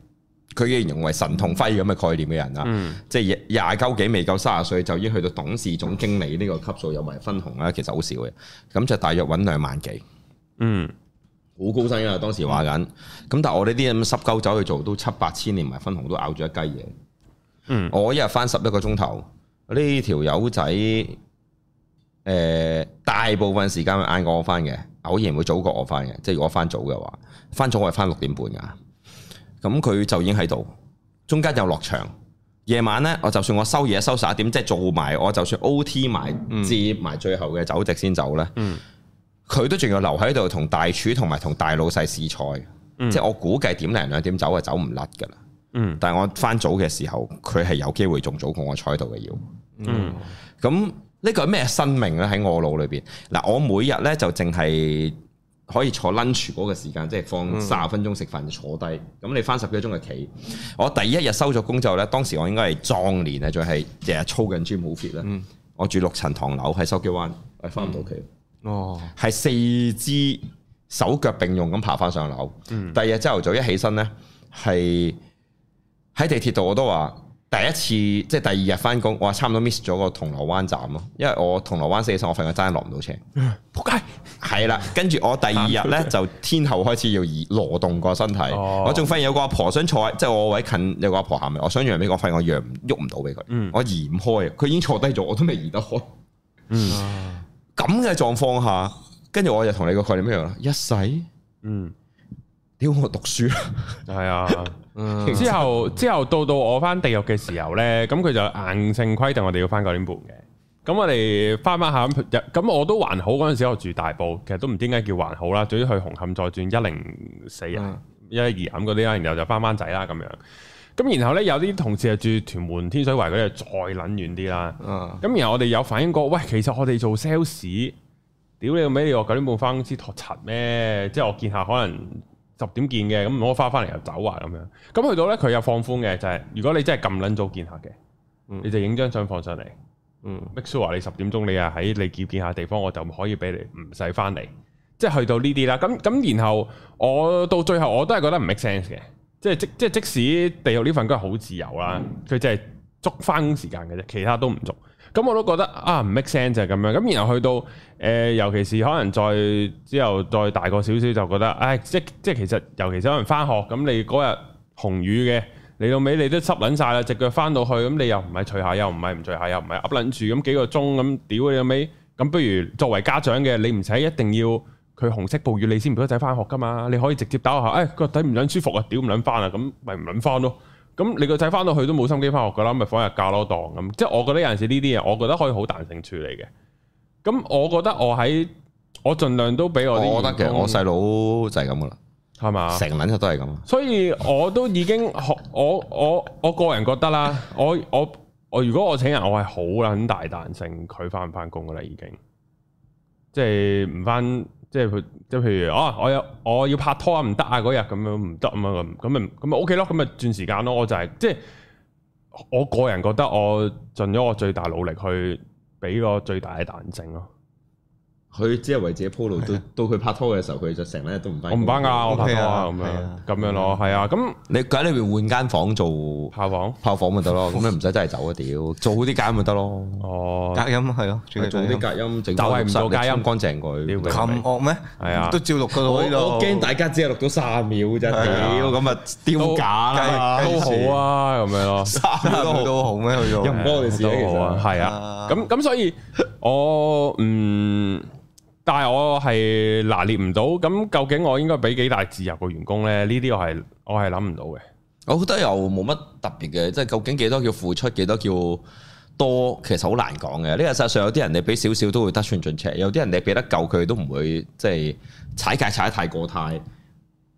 佢嘅形容為神童輝咁嘅概念嘅人啦，即係廿九幾未夠卅歲就已經去到董事總經理呢個級數，有埋分紅啦，其實好少嘅，咁就大約揾兩萬幾，嗯。嗯好高薪噶，當時話緊。咁、嗯、但係我呢啲咁濕鳩走去做，都七八千年，連埋分紅都咬住一雞嘢。嗯，我一日翻十一個鐘頭。呢條友仔，誒、呃、大部分時間會晏過我翻嘅，偶然會早過我翻嘅。即係我翻早嘅話，翻早我係翻六點半㗎。咁、嗯、佢、嗯、就已經喺度，中間又落場。晚呢夜晚咧，我就算我收嘢收十一點，即係做埋，我就算 O T 埋接埋最後嘅酒席先走咧。嗯。佢都仲要留喺度同大廚同埋同大老細試菜，嗯、即係我估計點零兩點走啊，走唔甩噶啦。嗯，但係我翻早嘅時候，佢係有機會仲早過我坐喺度嘅要。嗯，咁呢個係咩生命咧？喺我腦裏邊嗱，我每日咧就淨係可以坐 lunch 嗰個時間，即係放三十分鐘食飯就坐低。咁、嗯、你翻十幾個鐘嘅企，我第一日收咗工之後咧，當時我應該係壯年啊，仲係日日操緊 gym 好 fit 啦。嗯、我住六層唐樓喺筲箕灣，我翻唔到企。哎哦，係四肢手腳並用咁爬翻上樓。嗯、第二日朝頭早一起身呢，係喺地鐵度我都話第一次，即係第二日翻工，哇，差唔多 miss 咗個銅鑼灣站咯。因為我銅鑼灣四起身，我發現真係落唔到車。撲街係啦，跟住我第二日呢，就天后開始要移挪動個身體。哦、我仲發現有個阿婆想坐，喺，即係我位近有個阿婆行，我想讓俾我，發現我讓喐唔到俾佢。嗯、我移唔開啊，佢已經坐低咗，我都未移得開。嗯。嗯咁嘅狀況下，跟住我就同你個概念一樣啦，一世，嗯，屌我讀書係啊、嗯，之後之後到到我翻地獄嘅時候呢，咁佢就硬性規定我哋要翻九點半嘅。咁我哋翻翻下咁，我都還好嗰陣時，我住大埔，其實都唔知點解叫還好啦。總之去紅磡再轉一零四人，一二飲嗰啲啦，然後就翻翻仔啦咁樣。咁然後咧，有啲同事又住屯門天水圍嗰度，再撚遠啲啦。咁、啊、然後我哋有反映過，喂，其實我哋做 sales，屌你個咩你我九點半翻公司托塵咩？即係我見客可能十點見嘅，咁我翻翻嚟又走啊咁樣。咁去到咧，佢又放寬嘅，就係、是、如果你真係咁撚早見客嘅，你就影張相放上嚟。嗯，Make sure 你十點鐘你啊喺你見見下地方，我就可以俾你，唔使翻嚟。即係去到呢啲啦。咁咁然後我到最後我都係覺得唔 make sense 嘅。即係即即係即使地獄呢份工係好自由啦，佢就係捉翻工時間嘅啫，其他都唔捉。咁我都覺得啊唔 make sense 就係咁樣。咁然後去到誒、呃，尤其是可能再之後再大個少少，就覺得唉、哎，即即其實尤其是可能翻學咁，那你嗰日紅雨嘅嚟到，到尾，你都濕撚晒啦，隻腳翻到去咁，你又唔係除下又唔係唔除下又唔係噏撚住咁幾個鐘咁，屌你尾，咁不如作為家長嘅你唔使一定要。佢紅色暴雨，你先唔俾個仔翻學噶嘛？你可以直接打下下，誒、哎，佢話唔撚舒服啊，屌唔撚翻啊，咁咪唔撚翻咯。咁你個仔翻到去都冇心機翻學噶啦，咪放日假咯，當咁。即係我覺得有陣時呢啲嘢，我覺得可以好彈性處理嘅。咁我覺得我喺我儘量都俾我啲，我覺得其實我細佬就係咁噶啦，係嘛吧？成撚日都係咁。所以我都已經我我我個人覺得啦，我我我如果我請人，我係好撚大彈性，佢翻唔翻工噶啦，已經即係唔翻。即係譬如啊，我有我要拍拖啊，唔得啊，嗰日咁樣唔得啊嘛，咁咁咪咁咪 OK 咯，咁咪轉時間咯、啊，我就係、是、即係我個人覺得，我盡咗我最大努力去畀個最大嘅彈性咯。佢只係為自己鋪路，到到佢拍拖嘅時候，佢就成日都唔返。我唔返噶，我拍拖啊，咁樣咁樣咯，係啊。咁你喺裏面換間房做炮房，炮房咪得咯，咁你唔使真係走啊屌，做好啲隔音咪得咯。哦，隔音係咯，做啲隔音整就係唔做隔音，乾淨佢咁惡咩？係啊，都照錄㗎咯。我我驚大家只係錄到三十秒咋屌咁啊，丟假啦，都好啊，咁樣咯，三十秒都好咩？佢做，一唔多件事都好啊，係啊。咁咁所以我嗯。但係我係拿捏唔到，咁究竟我應該俾幾大自由個員工呢？呢啲我係我係諗唔到嘅。我覺得又冇乜特別嘅，即係究竟幾多叫付出，幾多叫多，其實好難講嘅。呢個世界上有啲人你俾少少都會得寸進尺，有啲人你俾得夠佢都唔會即係踩界踩得太過太，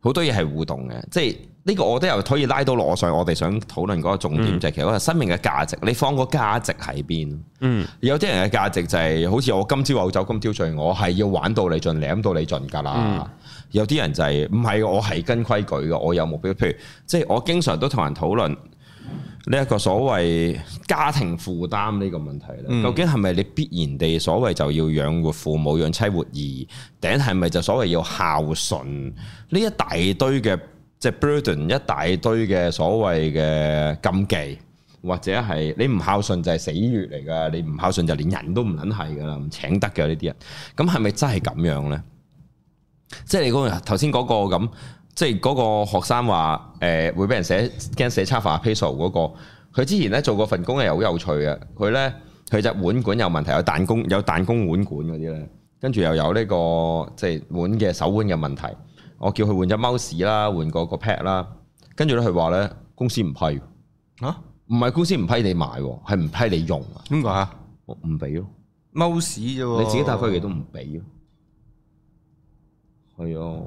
好多嘢係互動嘅，即係。呢個我都又可以拉到落上，我哋想討論嗰個重點就係、嗯、其實個生命嘅價值，你放個價值喺邊？嗯，有啲人嘅價值就係、是、好似我今朝有酒今朝醉，我係要玩到你盡，舐到你盡噶啦。嗯、有啲人就係唔係我係跟規矩嘅，我有目標。譬如即係、就是、我經常都同人討論呢一個所謂家庭負擔呢個問題咧，嗯、究竟係咪你必然地所謂就要養活父母、養妻活兒？頂係咪就所謂要孝順？呢一大堆嘅。即係 burden 一大堆嘅所謂嘅禁忌，或者係你唔孝順就係死穴嚟噶，你唔孝順就連人都唔肯係噶啦，唔請得嘅呢啲人。咁係咪真係咁樣呢？即係你講頭先嗰個咁，即係嗰個學生話誒、呃、會俾人寫驚寫差 for p e 嗰、嗰個，佢之前呢做過份工係好有趣嘅，佢呢，佢隻腕管有問題，有彈弓有彈弓腕管嗰啲呢，跟住又有呢、呢個即係碗嘅手腕嘅問題。我叫佢換隻 mouse 啦，換個個 pad 啦，跟住咧佢話咧公司唔批，嚇唔係公司唔批你買喎，係唔批你用啊？點解啊？我唔俾咯，mouse 啫喎，你自己帶翻嚟都唔俾咯，係啊，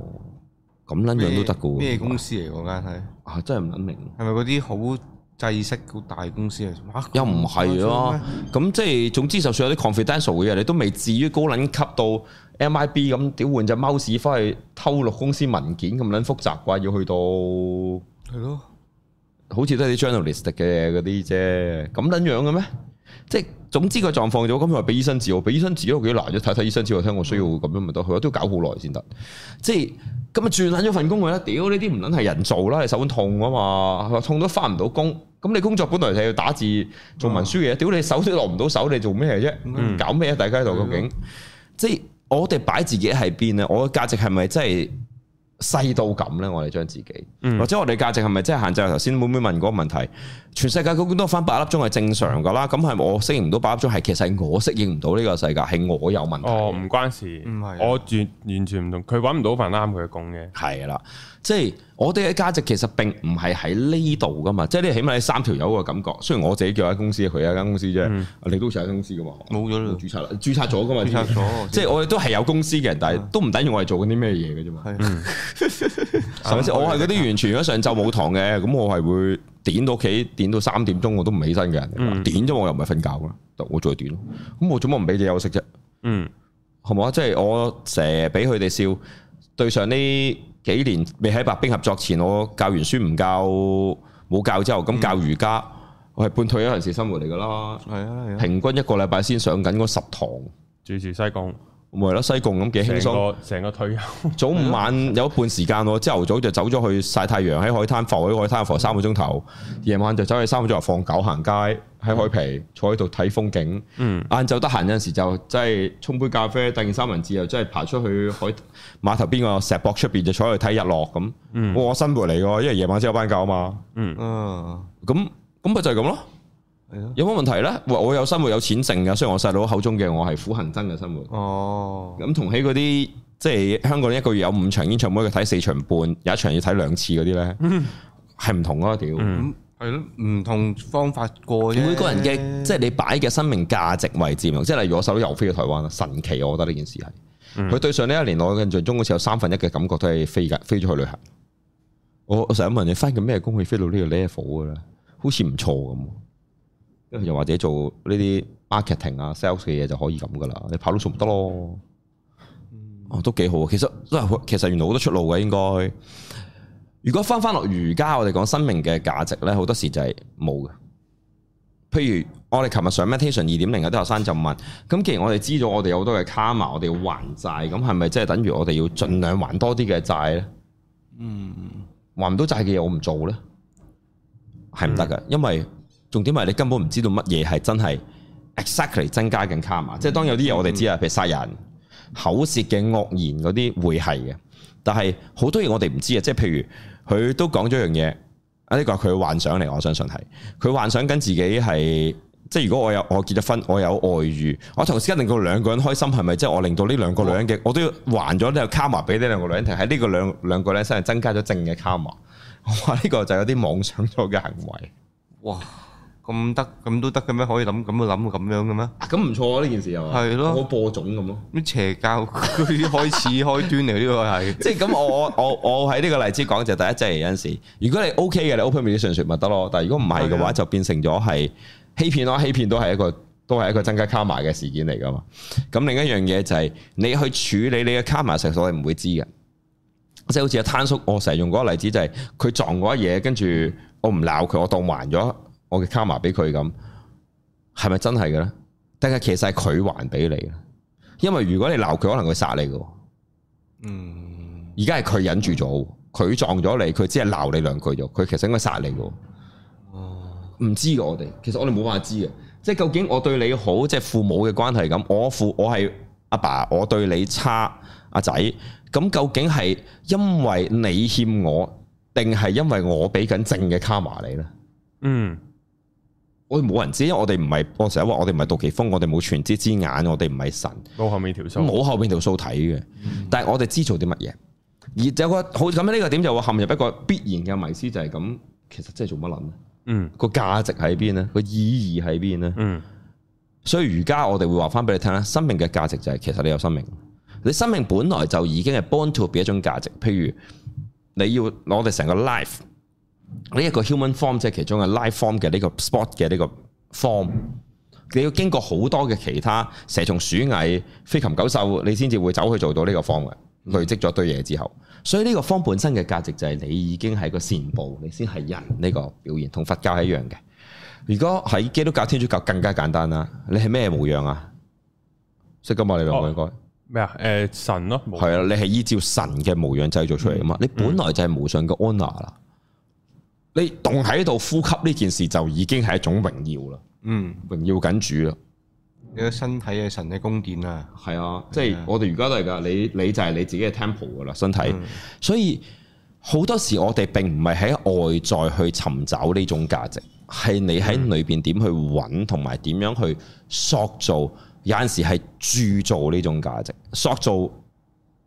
咁撚樣都得噶喎，咩公司嚟我嗰間係啊？真係唔撚明，係咪嗰啲好？制式個大公司嚟，哇！又唔係咯，咁即係總之，就算有啲 confidential 嘅嘢，你都未至於高撚級到 MIB 咁，屌換隻貓屎翻去偷錄公司文件咁撚複雜啩？要去到係咯，好似都係啲 journalistic 嘅嗰啲啫，咁撚樣嘅咩？即係總之個狀況咗，咁我俾醫生治療，我俾醫生治都幾難，睇睇醫生之後聽我需要咁樣咪得，佢都搞好耐先得。即係咁啊，轉捻咗份工佢啦。屌呢啲唔捻係人做啦，係手痛啊嘛，痛到翻唔到工。咁你工作本來係要打字做文書嘅，啊、屌你手都落唔到手，你做咩啫？嗯、搞咩啊？大家度究竟？嗯、即係我哋擺自己喺邊啊？我嘅價值係咪真係？細到咁咧，我哋將自己，嗯、或者我哋價值係咪真係限制？頭先妹妹問嗰個問題，全世界嗰邊都返八粒鐘係正常噶啦。咁係我適應唔到八粒鐘，係其實我適應唔到呢個世界，係我有問題。哦，唔關事，唔係我完全完全唔同。佢搵唔到份啱佢嘅工嘅，係啦。即係我哋嘅價值其實並唔係喺呢度噶嘛，即係你起碼係三條友嘅感覺。雖然我自己叫喺公司，佢一間公司啫，你都成喺公司噶嘛？冇咗啦，註冊啦，註冊咗噶嘛？註冊咗，即係我哋都係有公司嘅人，但係都唔等於我係做緊啲咩嘢嘅啫嘛。係咪先？我係嗰啲完全如果上晝冇堂嘅，咁我係會點到屋企，點到三點鐘我都唔起身嘅人，點咗我又唔係瞓覺噶，得我再點咯。咁我做乜唔俾你休息啫？嗯，好唔好啊？即係我成日俾佢哋笑，對上呢？幾年未喺白兵合作前，我教完書唔教，冇教之後咁教瑜伽，嗯、我係半退休人士生活嚟噶啦。係啊，平均一個禮拜先上緊嗰十堂，住住西貢。咪咯，西貢咁幾輕鬆，成個退休。早午晚有一半時間喎，朝頭 *laughs* 早就走咗去晒太陽，喺海灘浮喺海灘浮，海灘浮三個鐘頭。夜、嗯、晚就走去三個鐘頭放狗行街，喺海皮坐喺度睇風景。嗯，晏晝得閒有陣時就即係、就是、沖杯咖啡，帶件三文治又即係爬出去海碼頭邊個石博出邊就坐喺度睇日落咁。我、嗯哦、新回嚟㗎，因為夜晚先有班教啊嘛。嗯，啊，咁咁咪就係咁咯。有冇問題咧？我有生活有錢剩嘅，雖然我細佬口中嘅我係苦行僧嘅生活。哦，咁同喺嗰啲即係香港一個月有五場演唱會，佢睇四場半，有一場要睇兩次嗰啲咧，係唔、嗯、同啊屌！係咯、嗯，唔同方法過。每個人嘅即係你擺嘅生命價值為之即係例如我細佬又飛去台灣神奇我覺得呢件事係佢、嗯、對上呢一年，我印象中好似有三分一嘅感覺都係飛架飛出去旅行。我我成日問你，翻緊咩工？可以飛到呢個 level 㗎，好似唔錯咁。又或者做呢啲 marketing 啊、sales 嘅嘢就可以咁噶啦，你跑到數唔得咯，嗯、哦都幾好啊！其實都係，其實原來好多出路嘅應該。如果翻翻落瑜伽，我哋講生命嘅價值咧，好多時就係冇嘅。譬如我哋琴日上 meditation 二點零嘅啲學生就問：，咁既然我哋知道我哋有好多嘅 karma，我哋要還債，咁係咪即係等於我哋要盡量還多啲嘅債咧？嗯，還唔到債嘅嘢我唔做咧，係唔得噶，嗯、因為。重點係你根本唔知道乜嘢係真係 exactly 增加緊卡瑪，即係當有啲嘢我哋知啊，譬如殺人、口舌嘅惡言嗰啲會係嘅，但係好多嘢我哋唔知啊。即係譬如佢都講咗樣嘢，啊、這、呢個係佢幻想嚟，我相信係佢幻想緊自己係，即係如果我有我結咗婚，我有外遇，我同時一定令到兩個人開心，係咪即係我令到呢兩個女人嘅，哇我都要還咗呢個卡瑪俾呢兩個女人，喺呢個兩兩個咧先係增加咗正嘅卡瑪。我話呢個就有啲妄想咗嘅行為，哇！咁得咁都得嘅咩？可以諗咁去諗咁樣嘅咩？咁唔錯啊！呢件事又係啊，的我播種咁咯，啲邪教佢開始開端嚟呢個係，即係咁我我我喺呢個例子講就第一劑有陣時， *laughs* 如果你 OK 嘅，你 open 啲訊息咪得咯，但係如果唔係嘅話，的就變成咗係欺騙咯，欺騙都係一個都係一個增加卡碼嘅事件嚟噶嘛。咁另一樣嘢就係、是、你去處理你嘅卡碼，其實你唔會知嘅，即、就、係、是、好似阿貪叔，我成日用嗰個例子就係、是、佢撞嗰嘢，跟住我唔鬧佢，我當,我當還咗。我嘅卡瑪俾佢咁，係咪真係嘅呢？定係其實係佢還俾你？因為如果你鬧佢，可能會殺你嘅。嗯。而家係佢忍住咗，佢撞咗你，佢只係鬧你兩句啫，佢其實應該殺你嘅。唔、嗯、知我哋，其實我哋冇話知嘅，即係究竟我對你好，即係父母嘅關係咁。我父我係阿爸，爸，我對你差阿仔，咁究竟係因為你欠我，定係因為我俾緊正嘅卡瑪你呢？嗯。我冇人知，因為我哋唔係，我成日話我哋唔係杜琪峰，我哋冇全知之、之眼，我哋唔係神，冇後邊條數，冇後面條數睇嘅。嗯、但係我哋知做啲乜嘢，而就個好咁，呢個點就會陷入一個必然嘅迷思，就係、是、咁。其實真係做乜諗啊？嗯，個價值喺邊啊？個意義喺邊啊？嗯，所以而家我哋會話翻俾你聽咧，生命嘅價值就係其實你有生命，你生命本來就已經係 born to be 一種價值。譬如，你要攞我哋成個 life。呢一個 human form 即係其中嘅 life form 嘅呢，這個 spot 嘅呢個 form，你要經過好多嘅其他蛇蟲鼠蟻、飛禽狗獸，你先至會走去做到呢個 form 嘅累積咗堆嘢之後，所以呢個 form 本身嘅價值就係你已經係個善報，你先係人呢個表現，同佛教係一樣嘅。如果喺基督教、天主教更加簡單啦，你係咩模樣啊？識㗎嘛？你明唔應該咩啊？誒神，咯，係啊，你係依照神嘅模樣製造出嚟㗎嘛，嗯，你本來就係無上嘅安娜啦。你動喺度呼吸呢件事就已經係一種榮耀啦，嗯，榮耀緊主啦。你個身體係神嘅宮殿啊，係啊，即係我哋而家都係噶，你你就係你自己嘅 temple 噶啦，身體。嗯，所以好多時我哋並唔係喺外在去尋找呢種價值，係你喺裏邊點去揾同埋點樣去塑造，有陣時係鑄造呢種價值，塑造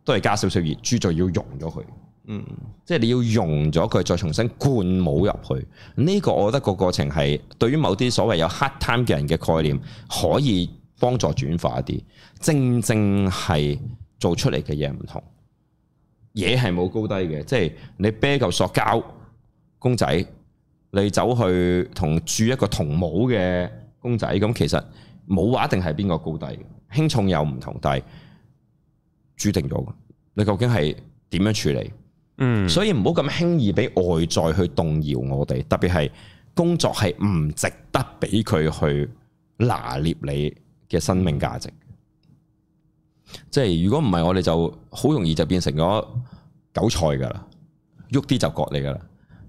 都係加少少熱，鑄造要融咗佢。嗯，即係你要融咗佢，再重新灌模入去呢，這個，我覺得個過程係對於某啲所謂有 hard time 嘅人嘅概念，可以幫助轉化啲，正正係做出嚟嘅嘢，唔同嘢係冇高低嘅，即係你啤嚿塑膠公仔，你走去同住一個銅模嘅公仔，咁其實冇話一定係邊個高低輕重又唔同，但係注定咗你究竟係點樣處理？嗯，所以唔好咁輕易俾外在去動搖我哋，特別係工作係唔值得俾佢去拿捏你嘅生命價值。即係如果唔係，我哋就好容易就變成咗韭菜噶啦，喐啲就割你噶啦。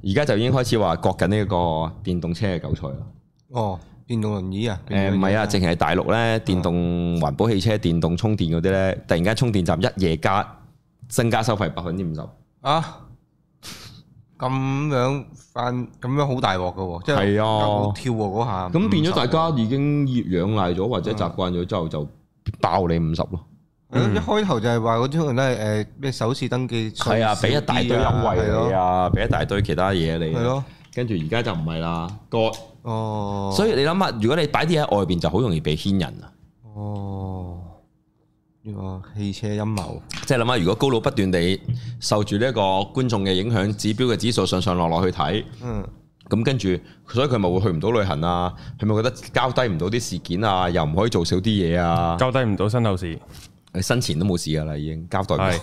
而家就已經開始話割緊呢個電動車嘅韭菜啦。哦，電動輪椅啊？誒，唔係啊，淨係大陸呢，電動環保汽車、電動充電嗰啲呢，突然間充電站一夜加，增加收費百分之五十。啊！咁樣翻，咁樣好大鑊噶，即係跳嗰下。咁變咗大家已經養賴咗，或者習慣咗之後就爆你五十咯。一開頭就係話嗰啲人都係誒咩首次登記，係啊，俾一大堆優惠你，係啊，俾一大堆其他嘢你。係咯，跟住而家就唔係啦，割哦。所以你諗下，如果你擺啲喺外邊，就好容易被牽人啊。哦。呢個汽車陰謀，即係諗下，如果高佬不斷地受住呢個觀眾嘅影響，指標嘅指數上上落落去睇，嗯，咁跟住，所以佢咪會去唔到旅行啊？係咪覺得交低唔到啲事件啊？又唔可以做少啲嘢啊？交低唔到身後事，身前都冇事噶啦，已經交代咗，係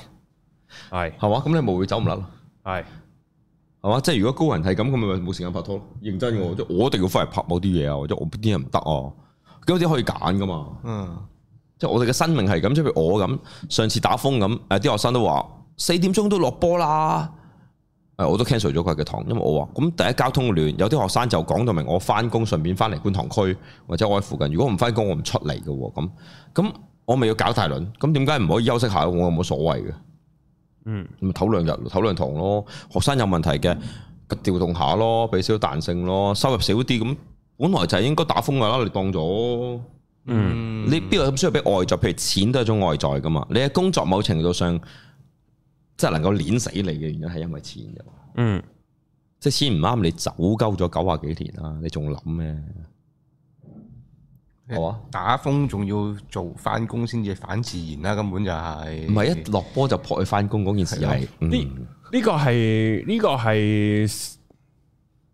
係，係嘛？咁 *laughs* 你咪會走唔甩咯，係係嘛？即係如果高人係咁，咁咪冇時間拍拖咯。認真我、哦，嗯、我一定要翻嚟拍某啲嘢啊，或者我邊啲人唔得哦，咁好似可以揀噶嘛，嗯。即我哋嘅生命係咁，即係譬如我咁，上次打風咁，誒啲學生都話四點鐘都落波啦，誒我都 cancel 咗佢嘅堂，因為我話咁第一交通亂，有啲學生就講到明，我翻工順便翻嚟觀塘區或者我喺附近，如果唔翻工我唔出嚟嘅喎，咁咁我咪要搞大輪，咁點解唔可以休息下？我冇所謂嘅。嗯，咪唞兩日唞兩堂咯，學生有問題嘅、嗯、調動下咯，俾少彈性咯，收入少啲咁，本來就係應該打風噶啦，你當咗。嗯，你邊度需要俾外在？譬如錢都係一種外在噶嘛。你喺工作某程度上，即係能夠碾死你嘅原因係因為錢啫。嗯，即係錢唔啱，你走鳩咗九啊幾年啦，你仲諗咩？好啊，打風仲要做翻工先至反自然啦，啊，根本就係唔係一落波就撲去翻工嗰件事係呢？呢、啊嗯這個係呢，這個係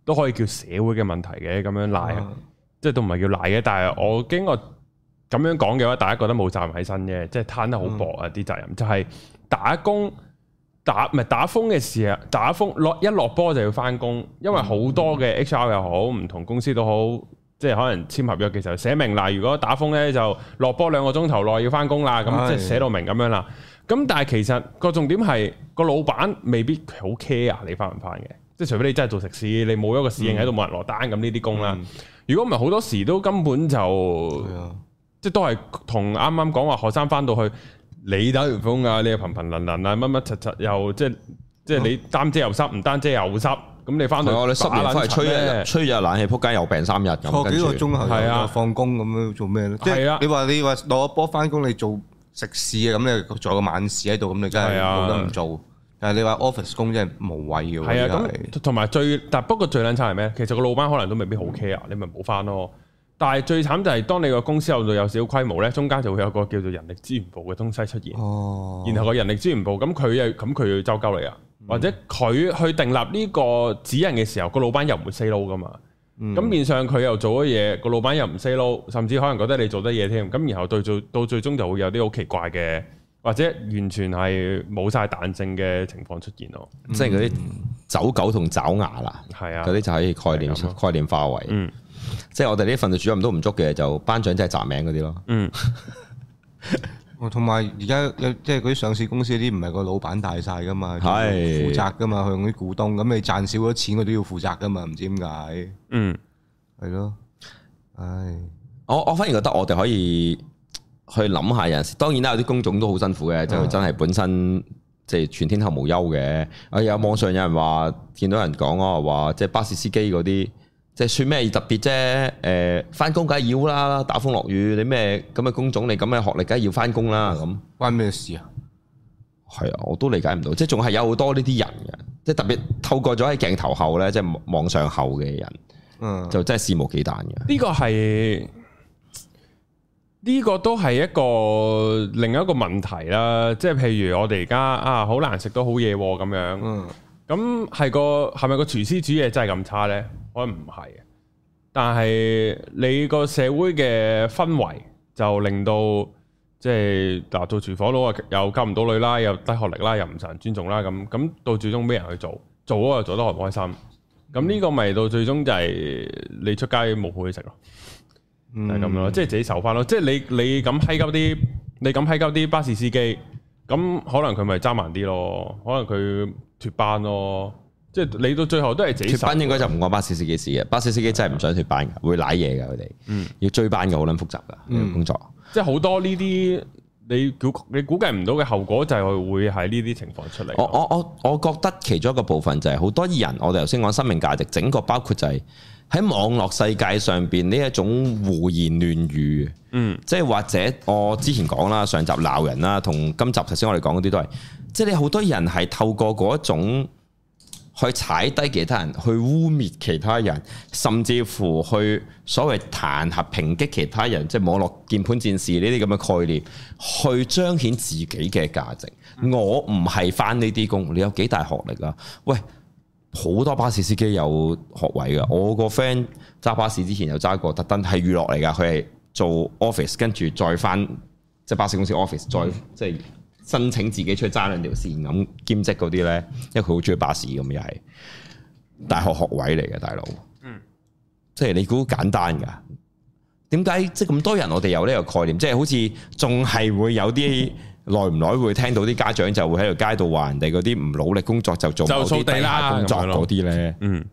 都可以叫社會嘅問題嘅咁樣賴，啊、即係都唔係叫賴嘅。但係我經過。咁樣講嘅話，大家覺得冇責任喺身嘅，即係攤得好薄啊！啲責任就係打工打唔係打風嘅時候，打風落一落波就要翻工，因為好多嘅 HR 又好，唔同公司都好，即係可能簽合約嘅時候寫明啦。如果打風呢，就落波兩個鐘頭內要翻工啦，咁是的 即係寫到明咁樣啦。咁但係其實個重點係個老闆未必好 care 你翻唔翻嘅，即係除非你真係做食肆，你冇一個侍應喺度冇人落單咁呢啲工啦。如果唔係好多時都根本就～即係都係同啱啱講話學生翻到去，你打完風啊，你又貧貧淋淋啊，乜乜柒柒又即係即係你擔遮又濕，唔擔遮又濕，咁你翻到去，我你濕完風係吹一吹日冷氣仆街又病三日咁，錯幾個鐘頭又放工咁樣做咩咧？係啊，你話你話攞波翻工你做食肆啊咁咧，做個晚市喺度咁你真係冇得唔做，但係你話 office 工真係無謂要。係啊，咁同埋最但不過最撚差係咩？其實個老闆可能都未必好 care 啊，你咪冇翻咯。但係最慘就係當你個公司後度有少少規模咧，中間就會有個叫做人力資源部嘅東西出現。哦。然後個人力資源部，咁佢又咁佢就周鳩嚟啊。嗯、或者佢去訂立呢個指引嘅時候，個老闆又唔 say no 噶嘛。咁、嗯、面上佢又做咗嘢，個老闆又唔 say no，甚至可能覺得你做得嘢添。咁然後到最到最終就會有啲好奇怪嘅，或者完全係冇晒彈性嘅情況出現咯。嗯、即係嗰啲走狗同爪牙啦。係、嗯、啊。嗰啲就係概念概念化為嗯。即係我哋呢份嘅主任都唔足嘅，就班長真係雜名嗰啲咯。嗯，我同埋而家有，有即係嗰啲上市公司啲唔係個老闆大晒噶嘛，係負是責噶嘛，佢用啲股東咁你賺少咗錢，佢都要負責噶嘛，唔知點解。嗯，係咯，唉，我我反而覺得我哋可以去諗下人事。當然啦，有啲工種都好辛苦嘅，就係、真係本身即係全天候無休嘅。啊、嗯，有網上有人話見到人講啊，話即係巴士司機嗰啲。即係算咩特別啫？誒，翻工梗係要啦，打風落雨，你咩咁嘅工種，你咁嘅學歷，梗係要翻工啦。咁關咩事啊？係啊，我都理解唔到，即係仲係有好多呢啲人嘅，即係特別透過咗喺鏡頭後咧，即係網上後嘅人，嗯，就真係肆無忌憚嘅。呢個係呢、呢個都係一個另一個問題啦。即係譬如我哋而家啊，好難食到好嘢咁樣。嗯。咁係個係咪個廚師煮嘢真係咁差咧？我唔係，但係你個社會嘅氛圍就令到即係嗱，做廚房佬又溝唔到女啦，又低學歷啦，又唔受人尊重啦，咁咁到最終咩人去做？做嗰又做得開唔開心，咁呢個咪到最終就係你出街冇好嘢食咯，係咁咯，即係、嗯、自己受翻咯。即係你你咁批鳩啲，你咁批鳩啲巴士司機。咁可能佢咪揸慢啲咯，可能佢脫班咯，即係你到最後都係自己死。脫班應該就唔關巴士司機事嘅，巴士司機真係唔想脫班嘅，的會舐嘢噶佢哋，嗯、要追班嘅好捻複雜噶工作，嗯、即係好多呢啲你，你估你估計唔到嘅後果就係會喺呢啲情況出嚟。我我我我覺得其中一個部分就係好多人，我哋頭先講生命價值，整個包括就係、是。喺網絡世界上邊呢一種胡言亂語，嗯，即係或者我之前講啦，上集鬧人啦，同今集頭先我哋講嗰啲都係，即係你好多人係透過嗰一種去踩低其他人，去污衊其他人，甚至乎去所謂彈劾、抨擊其他人，即係網絡鍵盤戰士呢啲咁嘅概念，去彰顯自己嘅價值。我唔係返呢啲工，你有幾大學歷啊？喂！好多巴士司機有學位噶，我個 friend 揸巴士之前有揸過，特登係娛樂嚟噶。佢係做 office，跟住再翻即係巴士公司 office，再即係、就是、申請自己出去揸兩條線咁兼職嗰啲呢，因為佢好中意巴士咁又係大學學位嚟嘅大佬，嗯，即係你估簡單噶？點解即係咁多人我哋有呢個概念？即係好似仲係會有啲。嗯耐唔耐會聽到啲家長就會喺度街度話人哋嗰啲唔努力工作就做唔到啲低下工作嗰啲咧，嗯，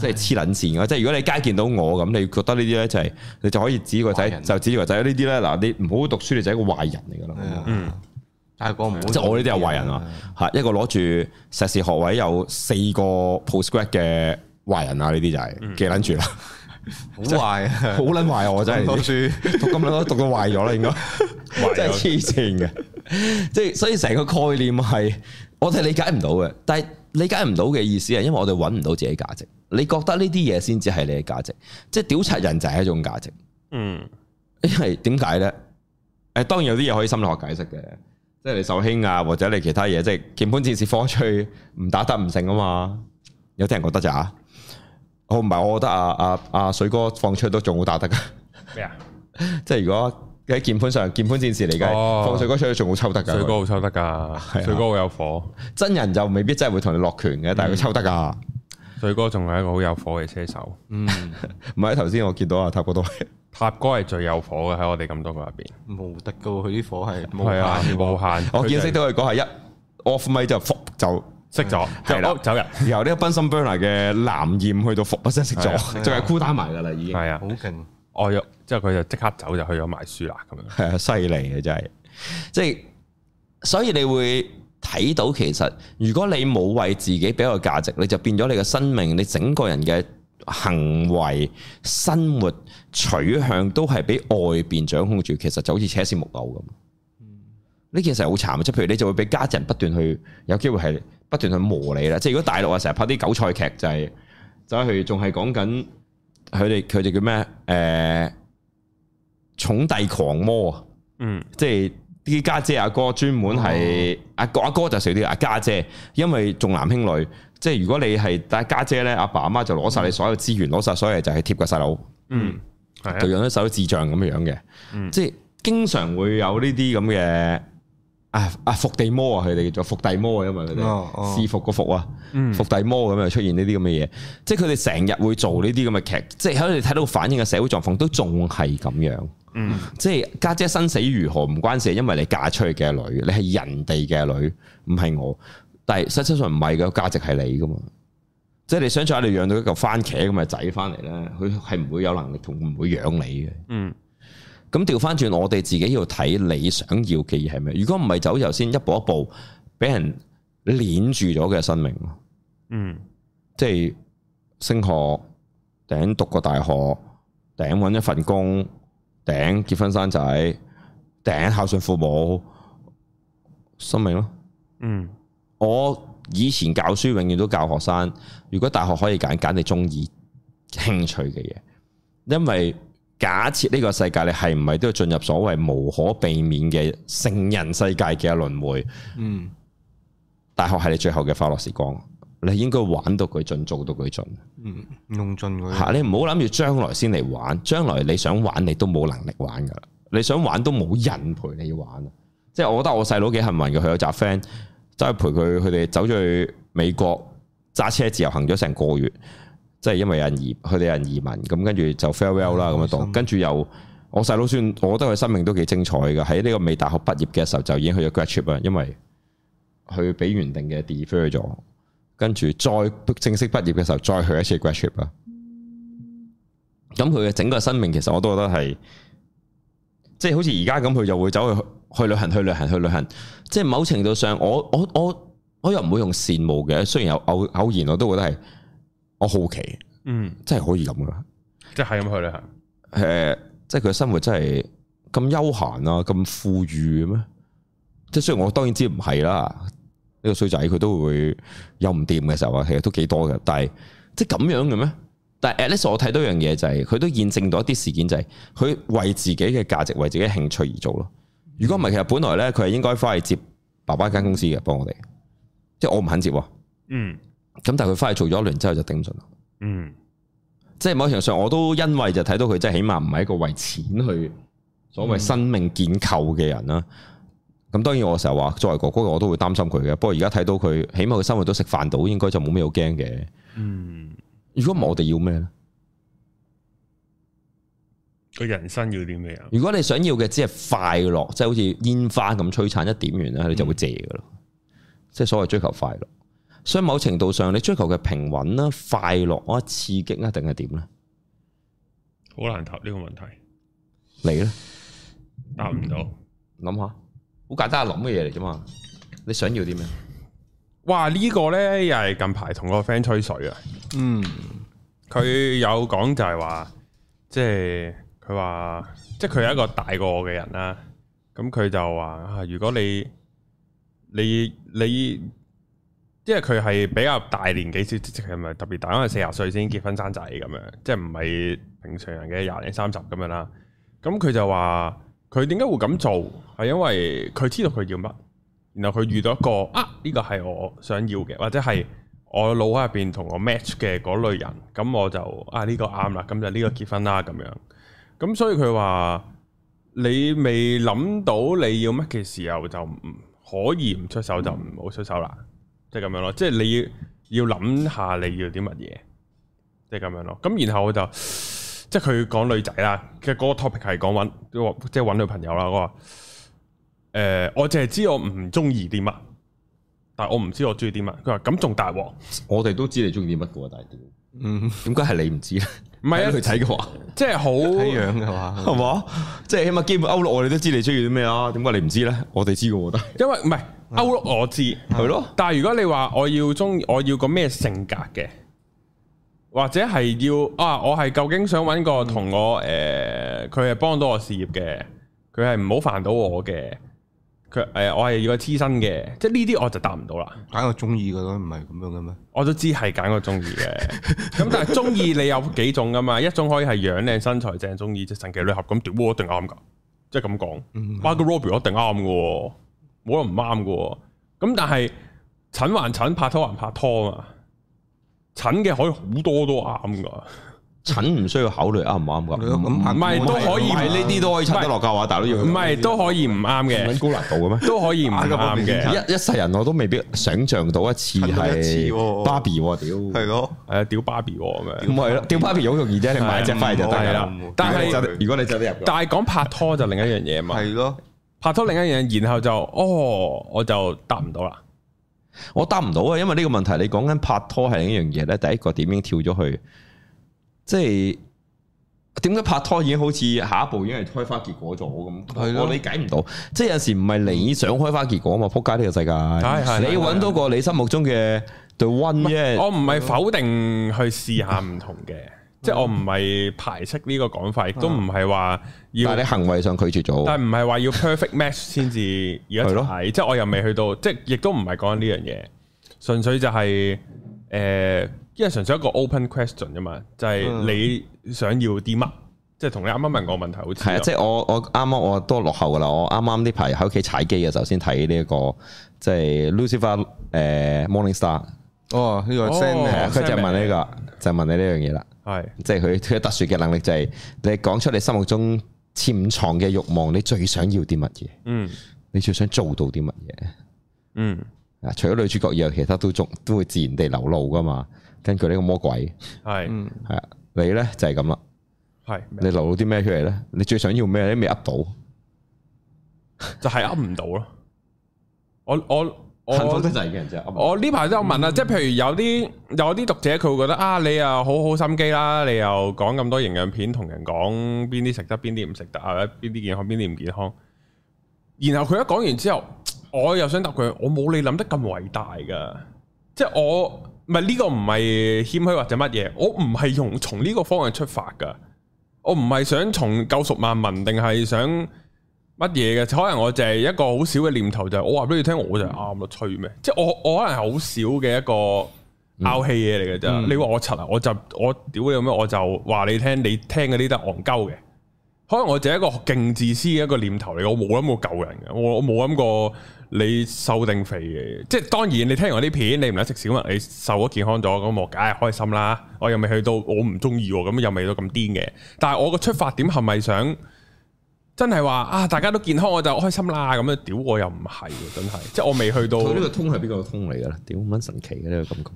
即係黐捻線噶，的即係如果你街見到我咁，你覺得呢啲咧就係你就可以指個仔人就指住個仔呢啲咧嗱，你唔好讀書你就一個壞人嚟噶啦，嗯，大哥唔好，即係我呢啲係壞人啊，吓、嗯、的一個攞住碩士學位有四個 postgrad 嘅壞人啊，呢啲就係、是、記捻住啦。嗯好壞，好捻壞我真係。讀書讀咁多， *laughs* 讀到壞咗啦，應該。真係痴線嘅，即係 *laughs* 所以成個概念係我哋理解唔到嘅。但係理解唔到嘅意思係，因為我哋揾唔到自己價值。你覺得呢啲嘢，先至係你嘅價值，即係屌柒人就係一種價值。嗯，因為點解咧？誒，當然有啲嘢可以心理學解釋嘅，即係你受輕啊，或者你其他嘢，即係鍵盤戰士火脆唔打得唔成啊嘛。有啲人覺得咋？我唔係，我覺得阿阿阿水哥放出去都仲好打得噶。咩啊？即係如果喺鍵盤上，鍵盤戰士嚟嘅，放水哥出去仲好抽得噶。水哥好抽得噶，水哥好有火。真人就未必真係會同你落拳嘅，但係佢抽得噶。水哥仲係一個好有火嘅車手。嗯，唔係，頭先我見到阿塔哥都係，塔哥係最有火嘅喺我哋咁多個入邊。無敵噶，佢啲火係無限無限。我見識到佢講係一 off 咪就 f 就。識咗，走人。由呢個 Bunsen Burner 嘅藍焰去到服，不識識咗，就係孤單埋噶啦，已經係啊，好勁。哦，之後佢就即刻走入去咗賣書啦，咁樣係啊，犀利啊，真係。即係，所以你會睇到，其實如果你冇為自己俾個價值，你就變咗你嘅生命，你整個人嘅行為、生活取向都係俾外邊掌控住，其實就好似扯線木偶咁。嗯，呢件事係好慘啊！即係譬如你就會俾家人不斷去有機會係。不斷去磨你啦，即係如果大陸啊成日拍啲狗血劇，就係走去仲係講緊佢哋，佢哋叫咩，誒，寵、呃、弟狂魔啊，嗯，即係啲家姐阿哥專門係阿、哦、哥阿哥就少啲阿家姐，因為重男輕女，即係如果你係帶家姐咧，阿爸阿媽就攞晒你所有資源，攞晒、嗯、所有就係貼個細佬，嗯，就養一手智障咁樣嘅，嗯、即係經常會有呢啲咁嘅。啊伏地魔啊，佢哋叫做伏地魔啊，因為佢哋制服個服啊，伏地魔咁啊，哦哦、出現呢啲咁嘅嘢，即係佢哋成日會做呢啲咁嘅劇，即係喺你睇到反映嘅社會狀況都仲係咁樣，嗯，即係家姐，姐生死如何唔關事，因為你嫁出去嘅女，你係人哋嘅女，唔係我，但係實質上唔係嘅，價值係你噶嘛，即係你想像下你養到一個番茄咁嘅仔翻嚟咧，佢係唔會有能力同唔會養你嘅。嗯咁調翻轉，我哋自己要睇你想要嘅嘢係咩？如果唔係，走頭先一步一步俾人鏈住咗嘅生命嗯，即係升學頂讀個大學，頂揾一份工，頂結婚生仔，頂孝順父母，生命咯。嗯，我以前教書，永遠都教學生，如果大學可以揀，揀你中意興趣嘅嘢，因為。假設呢個世界你係唔係都要進入所謂無可避免嘅成人世界嘅一輪回？嗯，大學係你最後嘅快樂時光，你應該玩到佢盡，做到佢盡。嗯，用盡佢。啊，你唔好諗住將來先嚟玩，將來你想玩你都冇能力玩噶啦，你想玩都冇人陪你玩。即係我覺得我細佬幾幸運嘅，佢有紮 friend 走去陪佢，佢哋走咗去美國揸車自由行咗成個月。即係因為有人移，佢哋有人移民，咁跟住就 farewell 啦咁、嗯、樣讀，跟住又我細佬算，我覺得佢生命都幾精彩噶喺呢個未大學畢業嘅時候，就已經去咗 grad trip 啦。因為佢俾原定嘅 defer 咗，跟住再正式畢業嘅時候，再去一次 grad trip 啦。咁佢嘅整個生命，其實我都覺得係，即係好似而家咁，佢就會走去去旅行、去旅行、去旅行。即係某程度上我，我我我我又唔會用羨慕嘅。雖然有偶偶然，我都覺得係。我好奇，嗯，真係可以咁噶啦，即係咁去啦，誒，即係佢嘅生活真係咁悠閒啊，咁富裕嘅、啊、咩？即係雖然我當然知唔係啦，呢、這個衰仔佢都會有唔掂嘅時候啊，其實都幾多嘅，但係即係咁樣嘅咩？但係 at least，我睇到一樣嘢就係、是、佢都驗證到一啲事件就係佢為自己嘅價值、為自己嘅興趣而做咯。如果唔係，其實本來咧佢係應該翻去接爸爸間公司嘅，幫我哋，即係我唔肯接、啊，嗯。咁但係佢翻去做咗一輪之後就頂唔順啦。嗯，即係某程度上，我都因為就睇到佢，即係起碼唔係一個為錢去所謂生命建構嘅人啦。咁，嗯，當然我成日話作為哥哥，我都會擔心佢嘅。不過而家睇到佢，起碼佢生活都食飯到，應該就冇咩好驚嘅。嗯，如果唔係我哋要咩咧？個人生要啲咩啊？如果你想要嘅只係快樂，即係好似煙花咁璀璨一點完啦，你就會謝噶咯。嗯，即係所謂追求快樂。所以某程度上，你追求嘅平穩啦、快樂啊、刺激啊，定係點咧？好難答呢個問題。你咧答唔到，諗下好簡單啊，諗嘅嘢嚟啫嘛。你想要啲咩？哇！呢個咧又係近排同個 friend 吹水啊。嗯，佢有講就係話，即係佢話，即係佢係一個大過我嘅人啦。咁佢就話啊，如果你你你。即係佢係比較大年紀，少即係唔係特別大，因為四十歲先結婚生仔咁樣，即係唔係平常人嘅廿零三十咁樣啦。咁佢就話佢點解會咁做？係因為佢知道佢要乜，然後佢遇到一個啊呢、這個係我想要嘅，或者係我腦喺入邊同我 match 嘅嗰類人，咁我就啊呢、這個啱啦，咁就呢個結婚啦咁樣。咁所以佢話你未諗到你要乜嘅時候，就唔可以唔出手，就唔好出手啦。即係咁樣咯，即係你要要諗下你要啲乜嘢，即係咁樣咯。咁然後我就，即係佢講女仔啦，其實嗰個 topic 係講搵，即係搵女朋友啦。我話，誒、呃，我淨係知我唔中意啲乜，但我唔知我中意啲乜。佢話咁仲大鑊，我哋都知你中意啲乜個，但，嗯，點解係你唔知咧？唔係啊，佢睇嘅話，即係好睇樣嘅話，係嘛？即係 *laughs* 起碼基本勾落我哋都知你中意啲咩啊？點解你唔知咧？我哋知嘅，我覺得係，因為唔係勾落我知係咯。啊、但係如果你話我要中我要個咩性格嘅，或者係要啊？我係究竟想揾個同我誒，佢係幫到我事業嘅，佢係唔好煩到我嘅。佢誒、呃，我係要個黐身嘅，即係呢啲我就答唔到啦。揀個中意嘅咯，唔係咁樣嘅咩？我都知係揀個中意嘅。咁 *laughs* 但係中意你有幾種噶嘛？一種可以係樣靚身材正中意，即神奇女俠咁。屌，我一定啱噶，即係咁講。嗯、哇，個 Robbie 一定啱嘅，冇人唔啱嘅。咁但係蠢還蠢，拍拖還拍拖啊嘛？蠢嘅可以好多都啱噶。診唔需要考慮啱唔啱噶，唔係都可以，唔係呢啲都可以診得落噶喎，大佬要唔係都可以唔啱嘅，高難度嘅咩？都可以唔啱嘅，一一世人我都未必想象到一次係芭比，屌係咯，係啊，屌芭比咁樣，唔係咯，屌芭比好容易啫，你買隻塊就得啦。但係如果你就都入，但係講拍拖就另一樣嘢嘛。係咯，拍拖另一樣，然後就哦，我就答唔到啦，我答唔到啊，因為呢個問題你講緊拍拖係另一樣嘢咧。第一個點樣跳咗去。即係點解拍拖已經好似下一步已經係開花結果咗咁？係咯，係我理解唔到。即係有陣時唔係你想開花結果嘛！扑街呢個世界，係你揾到個你心目中嘅 the one 我唔係否定去試下唔同嘅，嗯、即係我唔係排斥呢個講法，亦都唔係話要。嗯、但係你行為上拒絕咗。但係唔係話要 perfect match 先至而一齊，係即係我又未去到，即係亦都唔係講緊呢樣嘢，純粹就係、是。誒、呃，因為純粹一個 open question 啫嘛，就係、是、你想要啲乜、嗯，即係同你啱啱問個問題好似。係啊，即係我我啱啱我都落後噶啦，我啱啱呢排喺屋企踩機嘅時候，先睇呢一個即係 Lucifer 誒 Morning Star。哦，呢個聲係啊，佢就問呢個，就問你呢樣嘢啦。係、哦，即係佢佢特殊嘅能力就係、是、你講出你心目中潛藏嘅慾望，你最想要啲乜嘢？嗯，你最想做到啲乜嘢？嗯。啊！除咗女主角以外，其他都仲都會自然地流露噶嘛。根據呢個魔鬼，係係啊，你咧就係咁啦。係你流露啲咩出嚟咧？你最想要咩？你未噏到，就係噏唔到咯。我我 *laughs* 我我呢排都有問呀，即係譬如有啲有啲讀者佢會覺得啊，你又好好心機啦，你又講咁多營養片，同人講邊啲食得邊啲唔食得啊，邊啲健康邊啲唔健康。然後佢一講完之後。我又想答佢，我冇你諗得咁偉大噶，即係我唔係呢個唔係謙虛或者乜嘢，我唔係用從呢個方向出發噶，我唔係想從救贖萬民定係想乜嘢嘅，可能我就係一個好少嘅念頭，就係、是、我話俾你聽，我就啱、是、咯，吹咩、嗯就是啊？即係我我可能係好少嘅一個拗氣嘢嚟嘅咋？嗯、你話我柒啊，我就我屌你咩？我就話你聽，你聽嗰啲都係戇鳩嘅。可能我就一個勁自私嘅一個念頭嚟，我冇諗過救人嘅，我我冇諗過你瘦定肥嘅，即係當然你聽完我啲片，你唔係食小人，你瘦咗健康咗，咁我梗係開心啦。我又未去到我唔中意，咁又未到咁癲嘅。但係我嘅出發點係咪想真係話啊？大家都健康我就開心啦。咁樣屌我又唔係，真係即係我未去到。呢個通係邊個通嚟噶咧？屌咁神奇嘅呢、這個感覺。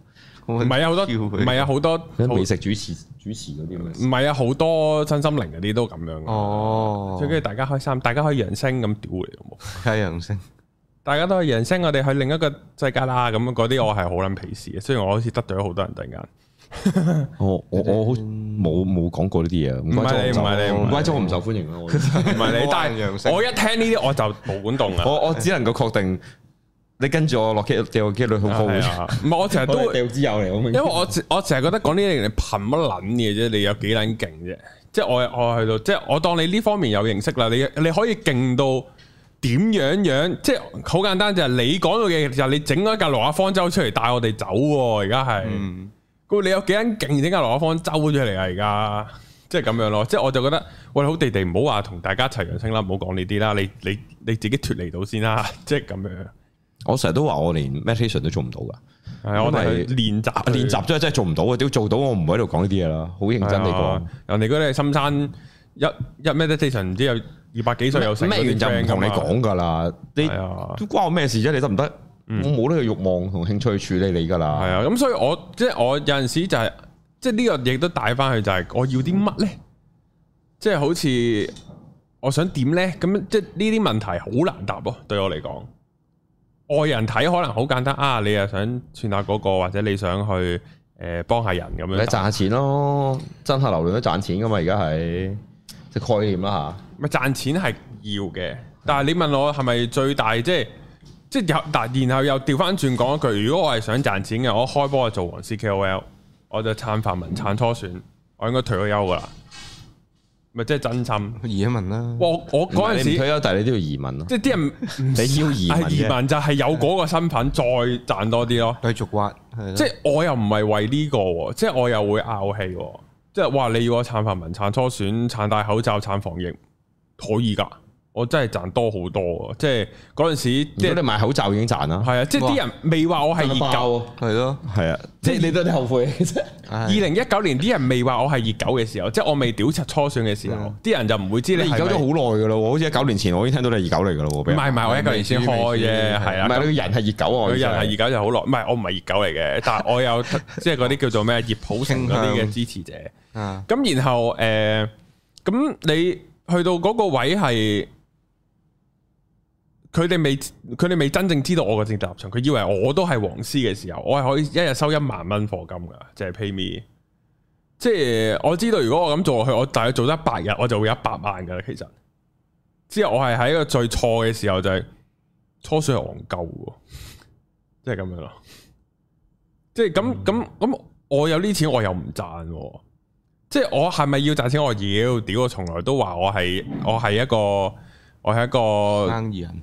唔係啊，好多唔係啊，好多美食主持主持嗰啲咩？唔係啊，好多真心靈嗰啲都咁樣。哦，即係大家開心，大家可以揚聲咁屌嚟，冇？係揚聲，大家都係揚聲，我哋去另一個世界啦。咁嗰啲我係好捻鄙視嘅，雖然我好似得罪咗好多人突然間。我我我冇冇講過呢啲嘢。唔係唔係，唔怪之我唔受歡迎咯。唔係你，但係我一聽呢啲我就冇管動啦。我我只能夠確定。你跟住我落機掉機率好高啊，啊！唔係我成日都掉支油嚟，我明，因為我我成日覺得講呢啲嘢，你憑乜撚嘢啫？你有幾撚勁啫？即係我我去到，即係我當你呢方面有認識啦。你你可以勁到點樣樣？即係好簡單，就係你講到嘅嘢就係你整咗一架挪亞方舟出嚟帶我哋走。而家係，咁、嗯、你有幾撚勁整架挪亞方舟出嚟啊？而家即係咁樣咯。即係我就覺得，喂好弟弟，好地地，唔好話同大家一齊揚升啦，唔好講呢啲啦。你你你自己脫離到先啦，即係咁樣。我成日都話我連 meditation 都做唔到噶，係對我係練習練習咗，真係做唔到。都對要做到，我唔會喺度講呢啲嘢啦。好認真地講，啊、你說人哋嗰啲深山一一 meditation 唔知有二百幾歲有咩原則唔同你講噶啦，啲、啊、都關我咩事啫？你得唔得？啊、我冇呢個欲望同興趣去處理你噶啦。係啊，咁所以我即係、就是、我有陣時就係即係呢個亦都帶翻去就係我要啲乜咧？即、就、係、是、好似我想點咧？咁即係呢啲問題好難答咯，對我嚟講。外人睇可能好簡單啊！你又想串下嗰、那個，或者你想去誒、呃、幫人下人咁樣，賺下錢咯，真係流亂都賺錢㗎嘛！而家係，即概念啦吓，咪賺錢係要嘅，但係你問我係咪最大？即係即係有，但然後又調翻轉講一句：如果我係想賺錢嘅，我開波係做黃絲 KOL，我就撐泛民、撐初選，我應該退咗休㗎啦。咪即係真心移民啦！我我嗰陣時退休，但你都要移民咯。即係啲人， *laughs* 你要移民啫。移民就係有嗰個身份，再賺多啲咯。繼續挖，即係我又唔係為呢個，即係我又會拗氣。即係話你要我撐泛民、撐初選、撐戴口罩、撐防疫，可以㗎。我真係賺多好多，即係嗰陣時，即係你賣口罩已經賺啦。係啊，即係啲人未話我係熱狗。係咯，係啊，即係你都有啲後悔。二零一九年啲人未話我係熱狗嘅時候，即係我未屌柒初選嘅時候，啲人就唔會知你熱狗咗好耐噶咯。好似一九年前我已經聽到你係熱狗嚟噶咯。唔係唔係，我一九年先開嘅，係啊。唔係呢個人係熱狗，佢人係熱狗就好耐。唔係我唔係熱狗嚟嘅，但係我有即係嗰啲叫做咩熱普星嗰啲嘅支持者。咁然後誒，咁你去到嗰個位係。佢哋未，佢哋未真正知道我嘅政治立場。佢以為我都係黃絲嘅時候，我係可以一日收一萬蚊課金噶，即係 pay me。即係我知道，如果我咁做落去，我大概做得一百日，我就會有一百萬噶啦。其實之後我係喺一個最錯嘅時候就係、是、初水時憨鳩，即係咁樣咯。即係咁咁咁，我有呢錢我又唔賺，即係我係咪要賺錢？我要屌，我從來都話我係我係一個我係一個，一個生意人。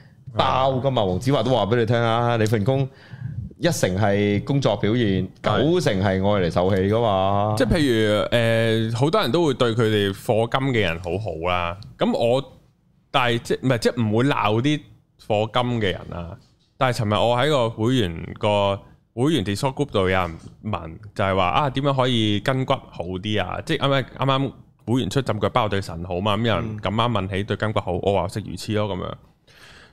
包爆㗎嘛，黃子華都話俾你聽啊！你份工一成係工作表現，九成係愛嚟受氣噶嘛。即係譬如誒，好多人都會對佢哋課金嘅人好好啦。咁我但係即係唔係即係唔會鬧啲課金嘅人啊。但係尋日我喺個會員個會員 Discord group 度有人問，就係話啊點樣可以筋骨好啲啊？即係啱啱啱啱會員出浸腳包對神好嘛，咁有人咁啱問起對筋骨好，我話食魚翅咯咁樣。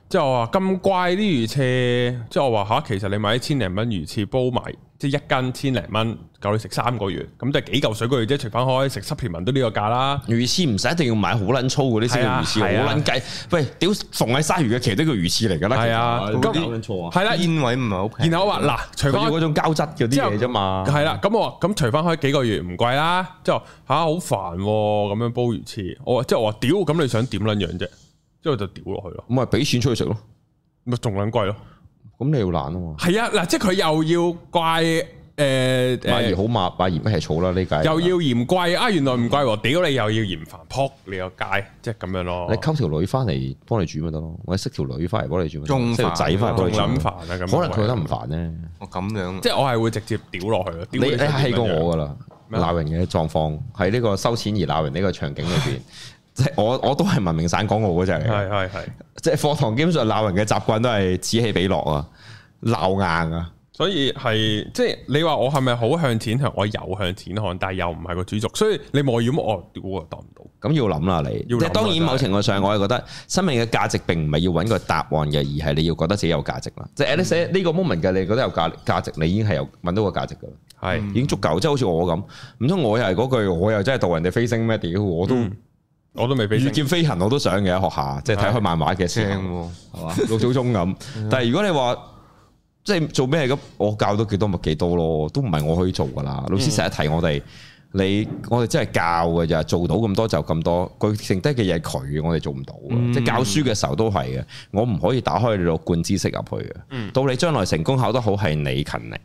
即係我話咁怪啲魚翅，即係我話嚇，其實你買一千零蚊魚翅煲埋，即係一斤千零蚊，夠你食三個月，咁即係幾嚿水鬼啫，除翻開食濕平民都呢個價啦。魚翅唔使一定要買好撚粗嗰啲先係魚翅，好撚雞，喂，屌，逢喺鯊魚嘅鰭都叫魚翅嚟㗎啦。係啊，咁點錯啊？係啦，燕尾唔係好平。然後我話嗱，除翻佢要嗰種膠質嗰啲嘢啫嘛。係啦，咁我話咁除翻開幾個月唔貴啦。之後嚇好煩喎，咁樣煲魚翅。我即係我話屌，咁你想點撚樣啫？之後就屌落去咯，咪俾錢出去食咯，咪仲捻貴咯，咁你要懶啊嘛？係啊，嗱，即係佢又要怪誒誒，馬兒好，馬兒唔食草啦，呢計又要嫌貴啊，原來唔貴，屌你又要嫌煩，扑你個街，即係咁樣咯。你溝條女翻嚟幫你煮咪得咯，或者識條女翻嚟幫你煮，識個仔翻嚟幫你煮，仲捻煩啊，咁可能佢覺得唔煩咧，我咁樣，即係我係會直接屌落去咯。你你係過我噶啦，鬧人嘅狀況喺呢個收錢而鬧人呢個場景裏邊。我我都係文明省港澳嗰隻嚟，係係係，即係課堂基本上鬧人嘅習慣都係此起彼落啊，鬧硬啊，所以係即係是你話我係咪好向錢行？我有向錢看，但係又唔係個主族，所以你望住我，我當唔到，咁要諗啦，你即係當然某程度上，我係覺得生命嘅價值並唔係要揾個答案嘅，而係你要覺得自己有價值啦。嗯、即係 at this 呢個 moment 嘅你覺得有價價值，你已經係有揾到個價值噶啦，係是已經足夠。即係好似我咁，唔通我又係嗰句，我又真係度人哋飛星。咩屌？我都、嗯。我都未遇劍飛行，我都想嘅，學下即係睇開漫畫嘅時候，係嘛六祖宗咁。 *laughs* 但係如果你話即係做咩咁，我教到幾多咪幾多咯，都唔係我可以做噶啦。老師成日提我哋，你我哋真係教嘅咋，做到咁多就咁多，佢剩低嘅嘢佢我哋做唔到，嗯、即係教書嘅時候都係嘅，我唔可以打開你個罐知識入去嘅。到你將來成功考得好係你勤力。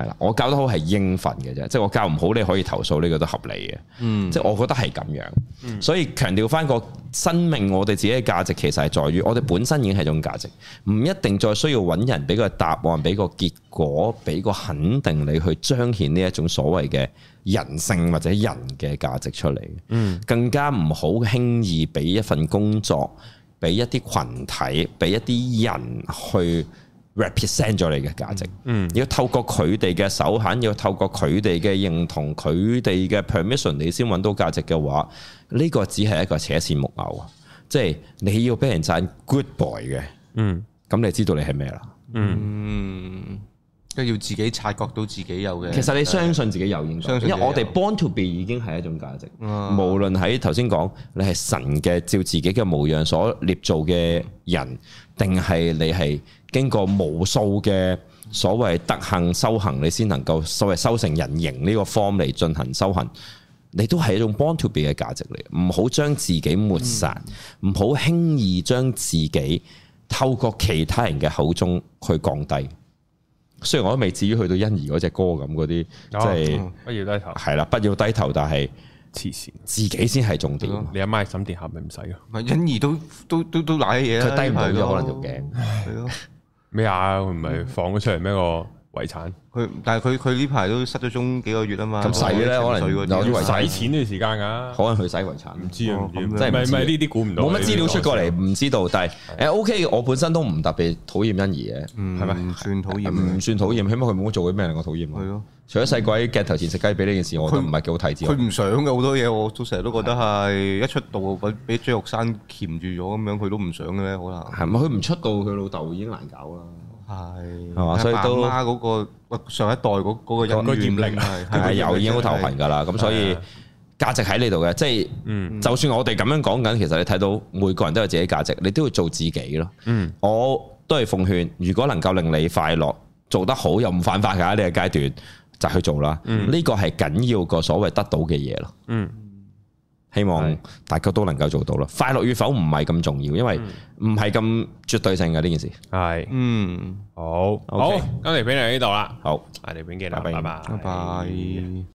係啦，我教得好係應份嘅啫，即係我教唔好，你可以投訴呢個都合理嘅。嗯，即係我覺得係咁樣，所以強調翻個生命，我哋自己嘅價值其實係在於我哋本身已經係一種價值，唔一定再需要揾人俾個答案，俾個結果，俾個肯定你去彰顯呢一種所謂嘅人性或者人嘅價值出嚟。嗯，更加唔好輕易俾一份工作，俾一啲群體，俾一啲人去。represent 咗你嘅價值，嗯，要，要透過佢哋嘅首肯，要透過佢哋嘅認同，佢哋嘅 permission，你先揾到價值嘅話，呢個只係一個扯線木偶啊！即係你要俾人讚 good boy 嘅，嗯，咁你知道你係咩啦？嗯。嗯要自己察覺到自己有嘅，其實你相信自己有影響，相信因為我哋 born to be 已經係一種價值，啊、無論喺頭先講你係神嘅照自己嘅模樣所捏造嘅人，定係你係經過無數嘅所謂德行修行，你先能夠所謂修成人形呢個 form 嚟進行修行，你都係一種 born to be 嘅價值嚟，唔好將自己抹殺，唔好輕易將自己透過其他人嘅口中去降低。雖然我都未至於去到欣宜嗰隻歌咁嗰啲，即係不要低頭，係啦，不要低頭，但係黐線，自己先係重點。你阿媽係沈殿霞咪唔使咯。欣宜都都都都賴嘢佢低唔到咗可能條頸。係咯咩啊？唔係放咗出嚟咩我？遺產佢，但係佢佢呢排都失咗蹤幾個月啊嘛，咁使咧可能有啲使錢啲時間噶，可能去使遺產，唔知啊，唔知真係唔係呢啲估唔到，冇乜資料出過嚟，唔知道。但係誒，OK，我本身都唔特別討厭欣宜嘅，係咪唔算討厭，唔算討厭，起碼佢冇做過咩令我討厭啊。係咯，除咗細鬼喺鏡頭前食雞髀呢件事，我都唔係幾好睇之外，佢唔想嘅好多嘢，我都成日都覺得係一出道揾俾張玉山鉗住咗咁樣，佢都唔想嘅咧，可能係咪佢唔出道，佢老豆已經難搞啦。係，所以都阿媽嗰個，上一代嗰嗰個忍耐力係有已經好頭痕噶啦，咁所以價值喺呢度嘅，即係，就算我哋咁樣講緊，其實你睇到每個人都有自己價值，你都要做自己咯。嗯，我都係奉勸，如果能夠令你快樂，做得好又唔犯法嘅呢個階段，就去做啦。嗯，呢個係緊要個所謂得到嘅嘢咯。嗯。希望大家都能夠做到咯。的快樂與否唔係咁重要，因為唔係咁絕對性嘅呢件事。係的，嗯，好，ok，今期片嚟到呢度啦。好，下期片見拜拜，拜拜好。